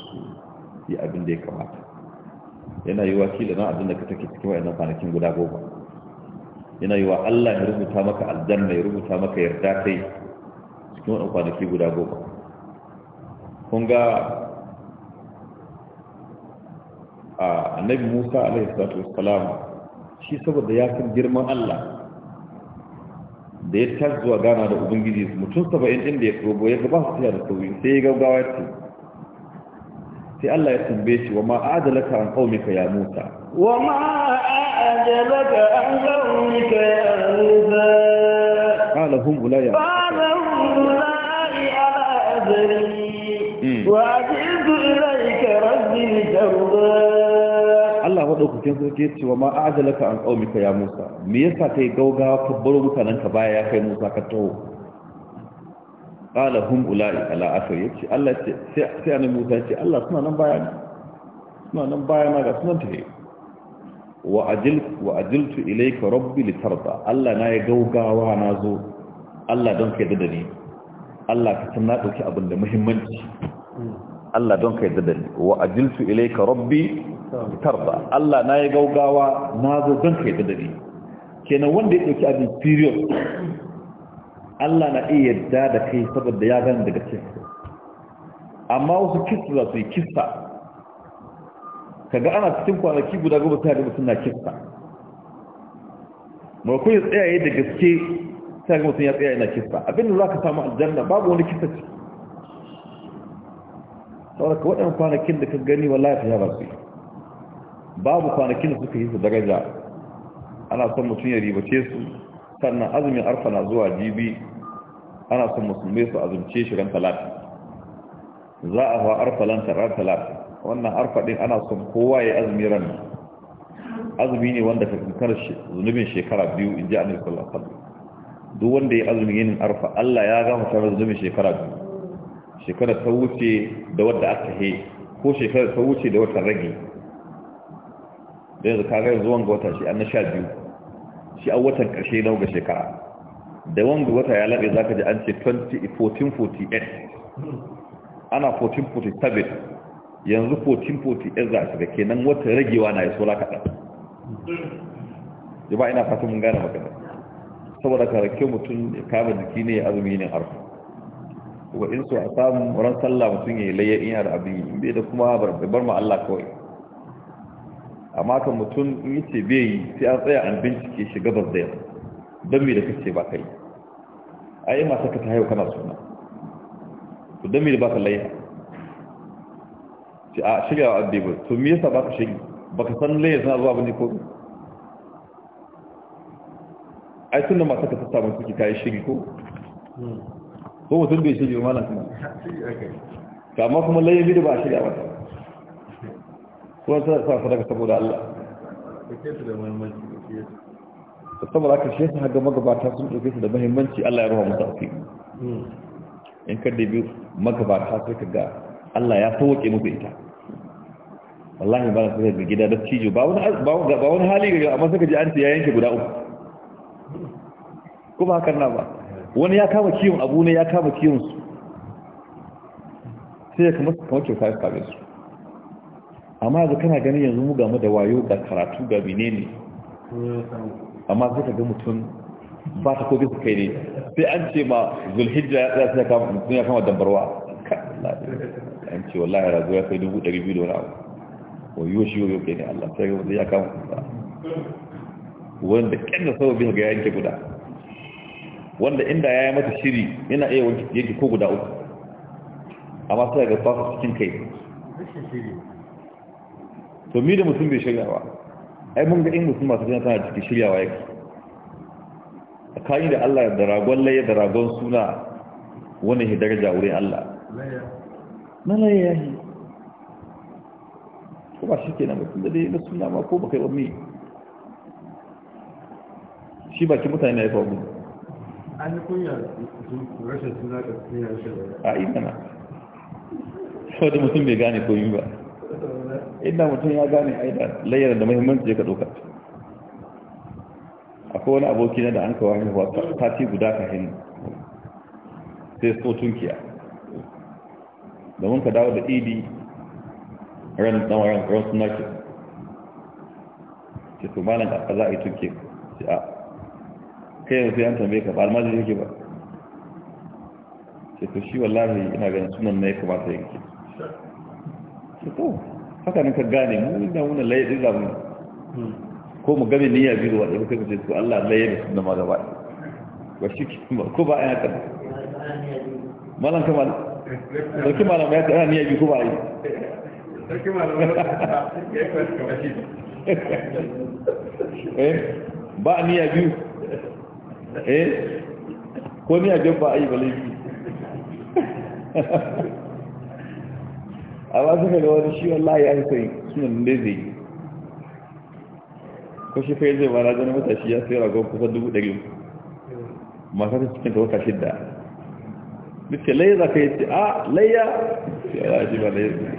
yi abin da ya kamata yana yi wa kila nan abin da ka take cikin wa'annan kwanakin guda goma yana yi wa Allah ya rubuta maka aljanna ya rubuta maka yarda kai cikin wa'annan kwanaki guda goma kun ga annabi Musa alaihi salatu wassalam shi saboda ya san girman Allah da ya tashi zuwa gana da ubangiji mutum saba'in ɗin da ya kogo ya gaba su tsaya da sauri sai ya gaggawa ce sai Allah ya tambaye shi wa ma ka an qaumika ya Musa wa ma adalaka an qaumika ya Musa qala hum ulaya qala hum ulaya ala ajri mm. wa ajidu ilayka rabbi tarda Allah madaukakin sarki ya ce wa ma azalaka an ka ya Musa me yasa kai gaugawa ka baro mutanen ka baya ya kai Musa ka taho qala hum ulai ala asr yace Allah ce sai annabi Musa ce Allah suna nan baya ne suna nan baya na ga sunan tafi wa ajil wa ajiltu ilayka rabbi litarda Allah na ya gaugawa na zo Allah don kai da dani Allah ka tana dauki abin da muhimmanci hmm. Allah don kai da dani wa ajiltu ilayka rabbi tarba Allah na ya gaugawa na zo don kai da dare, kenan wanda ya ɗauki abin period Allah na iya yadda da kai saboda ya gani daga cikin amma wasu kista za su yi kista kaga ana cikin kwanaki guda gaba ta gaba suna kista ma ko ya tsayaye da gaske ta gaba mutum ya tsayaye na kista abin da za ka samu aljanna babu wani kista ce saboda ka waɗannan kwanakin da ka gani wallahi ta ya ba su yi babu kwanakin da suka yi su daraja ana son mutum ya ribace su sannan azumin arfa na zuwa jibi ana son musulmai su azumce shi ran talata za a hawa arfa lan ran talata wannan arfa din ana son kowa ya azumi ran azumi ne wanda ka kankar zunubin shekara biyu in ji annabi sallallahu alaihi wasallam duk wanda ya azumi yin arfa Allah ya gafarta masa zunubin shekara biyu shekara ta wuce da wadda aka he ko shekara ta wuce da wata rage da yanzu kaga yanzu wanga wata shi an na sha biyu shi a watan ƙarshe na ga shekara da wanga wata ya laɓe za ka ji an ce 1448 ana 1447 yanzu 1448 za a shiga kenan wata ragewa na ya sola kaɗan ya ba ina fatan mun gane magana saboda ka rake mutum ya kama jiki ne ya azumi ne harfi kuma in so a samu ran sallah mutum ya yi layyar in yara abin yi in bai da kuma bar ma Allah kawai amma kan mutum in yi ce bai yi sai an tsaya an bincike shi gabas da yau don mai da kace ba kai yi mata ka ta haihu kana suna to don mai da ka laiha ce a shirya wa abu ba to me yasa ba baka shiri ka san laiha suna zuwa bane ko ai tun da mata ka ta samu suke kai shiri ko hmm. ko mutum bai shiri ba malam kuma amma kuma laiha bai da ba a shirya ba kuma suna sa sadaka saboda Allah saboda aka shi yasa haga magabata sun ɗauke su da muhimmanci Allah ya ruwa musu asiri in ka dabi magabata sai ka ga Allah ya sauke muku ita wallahi ba na sai da gida da cijo ba wani ba wani hali ga amma suka ji an ce ya yanke guda uku kuma hakan na ba wani ya kama kiwon abu ne ya kama kiwon su sai ya kama kamar kyauta ya kame su amma yanzu kana ganin yanzu mu gamu da wayo ga karatu ga menene amma zai ga mutum ba ta kogi su kai ne sai an ce ma zulhijja ya tsaya ya kama dambarwa an ce wallahi razu ya kai dubu ɗari biyu da wani abu ko yiwu shi yiwu kai ne allah sai ga ya kama kusa wanda kyan da sau biya ga yanke guda wanda inda ya yi mata shiri yana iya yanke ko guda uku amma sai ga fasa cikin kai to mi da mutum bai shiryawa ai mun ga in mutum masu jina tana cikin shiryawa yake A kayi da Allah da ragon laye da ragon suna wani hidar daraja wurin Allah na laye ya yi ko ba shi ke nan mutum da dai na suna ma ko ba kai wani shi baki mutane na ya faru an yi kunya rashin suna da kunya rashin a ina na sau da mutum bai gane koyi ba inda mutum ya gane aida layyar da muhimmanci ya ka doka akwai wani aboki na da an kawo haihuwa sati guda ka hin sai so tunkiya domin ka dawo da idi ran tsawon ran suna ke ke to malam a za a yi tunke ce a kai yanzu an tambaye ka ba almajin yake ba ce to shi wallahi ina ganin sunan na ya kamata yanki. to haka ne ka gane mu da wani laifin zamu ko mu gabe niyya bi wa da kuka ce to Allah laye da sunna ma gaba ba shi ko ba ya ta malan kamal sarki malam ya ta niyya bi ko ba yi sarki malam ya ka shi eh ba niyya bi eh ko niyya biyu ba yi ba laifi amma suka ga wani shi wallahi ya sai suna da zai ko shi fa zai bara zan mata shi ya sai ragon kusa dubu ɗari masu ta cikin wata shidda duk lai za ka yi ce a laiya. sai ya shi ba layya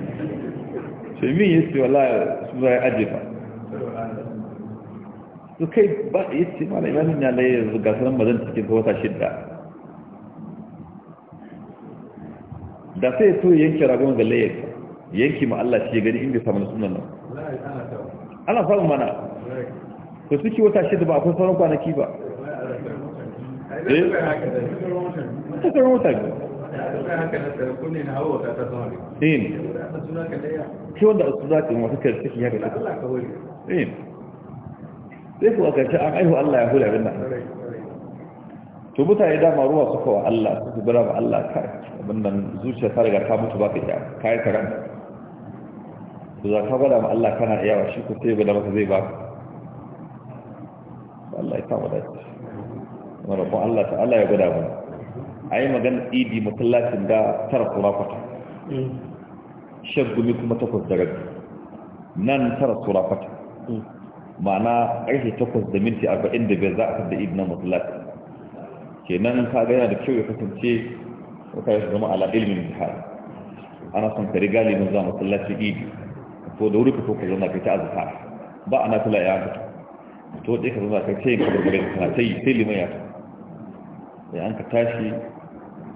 sai min yi sai wala su zai ajifa su kai ba yi ce ma da imanin ya laiya su ga sanar mazan cikin wata shidda da sai so yanke ragon ga layyarsa yanki ma Allah shi ya gani inda samun sunan nan ana samun mana ko suke wata shida ba akwai sauran kwanaki ba eh, eh. wanda a su zaƙi masu karfi eh. ya ga sai kuwa a an aihu Allah ya hula nan. to mutane dama ruwa suka wa Allah su bira wa Allah abin nan zuciya ta riga ta mutu ba ka yi karanta to za ka gwada ma Allah kana iyawa shi ku sai gwada maka zai ba Allah ya kama da shi wanda kuma Allah ta Allah ya gwada mana a yi magana idi masallacin da tara kura kwata mm. shaggumi kuma takwas da rabi nan tara kura kwata mm. ma'ana ƙarfe takwas da minti arba'in da bai za a kada idi na masallaci kenan ka gana da kyau ya kasance ka yi zama ala ilimin jihar ana son ka riga limin za masallaci idi to da wuri ka so ka zauna kai ta azkar ba ana tala ya ka to dai ka zauna kai ce yin kabar gare ka na sai sai liman ya ta an ka tashi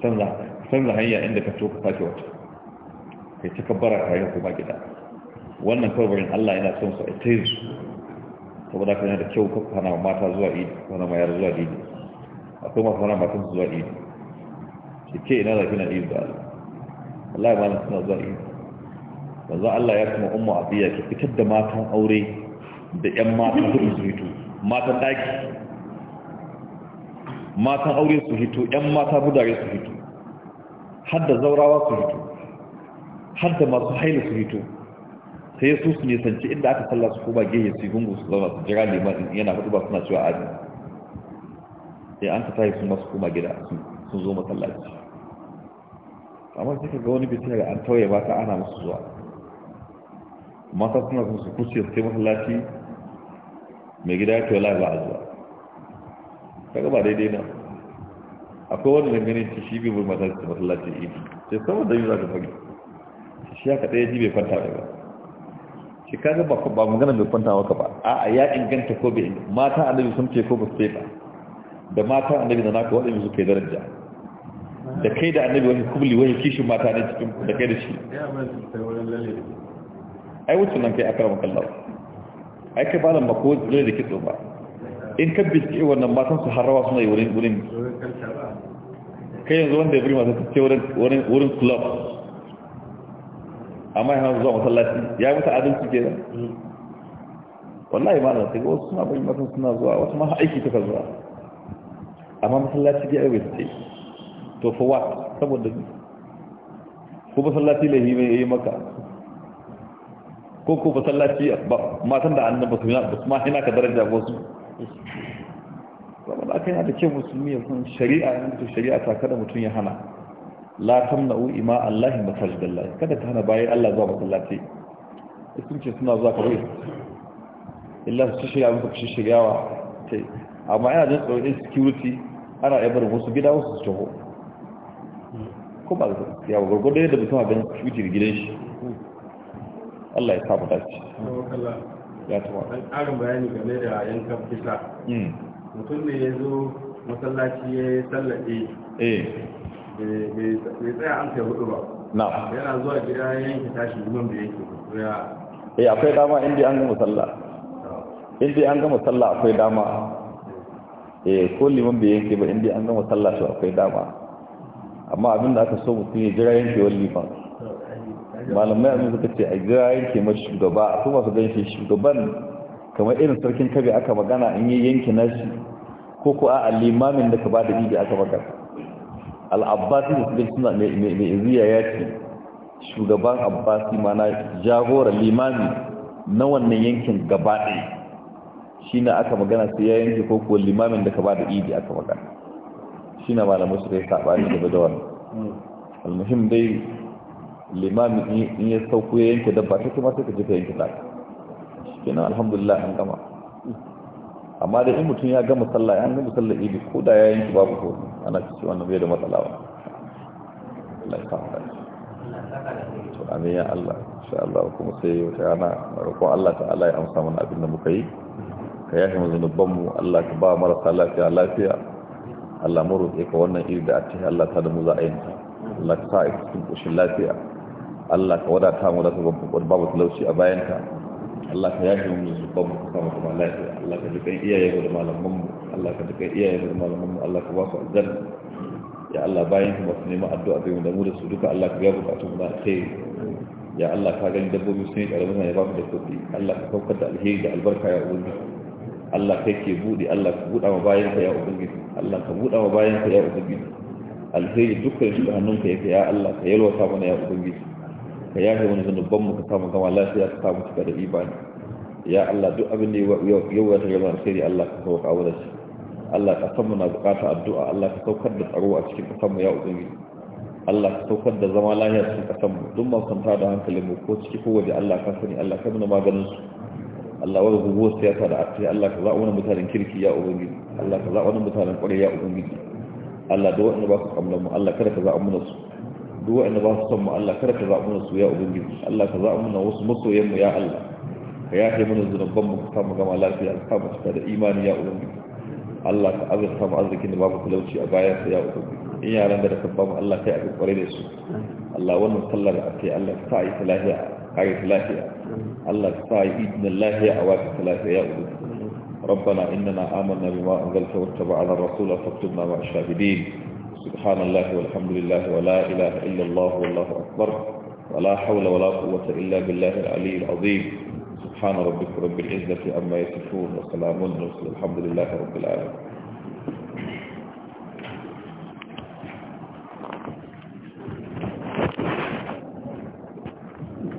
canza canza hanya inda ka so ka tashi wata kai ta kabbara kayan kuma gida wannan kabarin Allah yana son su a taizu saboda ka yana da kyau ka hana mata zuwa idi hana mayar zuwa idi akwai masu hana matan zuwa idi shi ke ina zafi na idi da Allah Allah ya mana suna zuwa idi manzo Allah ya kuma ummu abiya ki fitar da matan aure da ƴan matan hudu su hito matan daki matan aure su hito ƴan mata budare su hito har da zaurawa su hito har da masu haila su hito sai su su nisanci inda aka salla su ko ba gehe su gungu su zauna su jira liman yana hudu ba suna cewa adi sai an ka tayi su masu koma gida sun zo masallaci amma sai ka ga wani bitin da an tauye ba ta ana musu zuwa mata suna sun su kuce sai masallaci mai gida ya wala ba a zuwa ta gaba daidai na akwai wani dangane ci shi bai mata su masallaci idi sai saman da yi za ka fage shi haka ɗaya ji bai kwanta ba ba shi ka ba ba magana mai kwanta maka ba a ya inganta ko bai mata annabi sun ce ko ba sai ba da mata annabi da naka waɗanda su ke daraja da kai da annabi wani kubli wani kishin mata ne cikin da kai da shi ai wuce nan kai akara makallar ai kai ba da mako zai da kitso ba in ka bincike wannan matan su harawa suna yi wurin wurin kai yanzu wanda ya buri masu ce wurin club amma yana zuwa masallaci ya mutu adalci ke nan wallahi ma na sai wasu suna bari matan suna zuwa wasu ma aiki ta zuwa amma masallaci dai aiwai su ce to for what saboda ko masallaci laifi mai yi maka ko ko masallaci matan da annabi su yana ma hina ka daraja ba su saboda aka da ke musulmi ya san shari'a in to shari'a ta kada mutum ya hana la tamna'u ima allahi masallallahi kada ta hana bayan Allah zuwa masallaci sun ce suna zuwa kawai illa su shirya musu shi shiryawa ce amma yana jin tsoron security ana yabar wasu gida wasu su taho ko ba da yawa gwargwado yadda mutum a ganin security gidan shi Allah ya samu dace ya tuwa an ƙarin bayani game da yankan kisa hmm. mutum ne ya zo masallaci ya yi sallaɗe eh. bai tsaya an kai hudu ba Na. yana zuwa gida ya yanke tashi liman da yake kusuriya. Eh akwai dama inda an gama sallah inda an gama sallah akwai dama eh ko liman bai yanke ba inda an gama sallah to akwai dama amma abin da aka so mutum ya jira yankewar liman malamai amma suka ce a gira yanke mashi shugaba a kuma su ganshi shugaban kamar irin sarkin kabe aka magana in yi yanke nashi ko ko a limamin da ka ba da ibi aka magana al'abbasi da su ganshi suna mai iziya ya ce shugaban abbasi mana jagoran limami na wannan yankin gaba ɗaya shi na aka magana sai ya yanke ko ko limamin da ka ba da ibi aka magana shi na malamai su yi saɓani da bada wannan hmm. al-muhim dai limami in ya sauko ya yanke dabba ta kuma sai ka je ka yanke ta kenan alhamdulillah an gama amma da in mutum ya gama sallah ya gama sallah ibi ko da ya yanke babu ko ana cikin wannan bai da matsala ba Allah ya kawo to amin ya Allah insha Allah kuma sai wata rana roƙon Allah ta'ala ya amsa mana abin da muka yi ka yafe mu zunuban mu Allah ka ba marasa lafiya lafiya Allah mu roƙe ka wannan iri da a cikin Allah ta da mu za a yi Allah ka sa a cikin ƙoshin lafiya Allah ka wadata mu da babu talauci a bayan ka. Allah ka yafe mu su babu ka samu kuma lafiya Allah ka duka iyaye mu da malaman mu Allah ka duka iyaye mu da malaman mu Allah ka ba su aljanna ya Allah bayan ka masu neman addu'a bai mu da mu da su duka Allah ka ga bukatun mu ke ya Allah ka gani dabbobi sun yi karamin ya ba mu da kuɗi Allah ka saukar da alheri da albarka ya ubangi. Allah kai ke buɗe Allah ka buɗa ma bayan ka ya ubangi. Allah ka buɗa ma bayan ka ya ubangi. alheri dukkan shi da hannunka yake ya Allah ka yalwata mana ya ubangi. ka yafe wani zunuban mu ka samu gama lafiya ka samu cika da imani ya Allah duk abin da yau ya tare mana alkhairi Allah ka sauka a wurin shi Allah ka san muna bukata addu'a Allah ka saukar da tsaro a cikin kasan mu ya ubangiji Allah ka saukar da zama lafiya cikin kasan mu duk masu kwanta da hankalin mu ko ciki ko waje Allah ka sani Allah ka muna maganin su Allah wani guguwar siyasa da asiri Allah ka za'a wani mutanen kirki ya ubangiji Allah ka za'a wani mutanen kwarai ya ubangiji Allah da waɗanda ba su kamlan mu Allah kada ka za'a muna su duk wanda ba su son mu Allah kar ka zaɓi mana su ya ubangiji Allah ka zaɓi mana wasu masoyan mu ya Allah ka yafe mana zunuban mu ka mu gama lafiya ka mu cika da imani ya ubangiji Allah ka azurta mu arzikin da babu talauci a bayan sa ya ubangiji in yaran da da kan bamu Allah kai a kokare da su Allah wannan sallar da ake Allah ka yi ta lafiya ka yi ta lafiya Allah ka yi idin lafiya a wata ta lafiya ya ubangiji ربنا إننا آمنا بما أنزلت واتبعنا الرسول فاكتبنا مع الشاهدين سبحان الله والحمد لله ولا إله إلا الله والله أكبر ولا حول ولا قوة إلا بالله العلي العظيم سبحان ربك رب العزة عما يصفون وسلام المرسل الحمد لله رب العالمين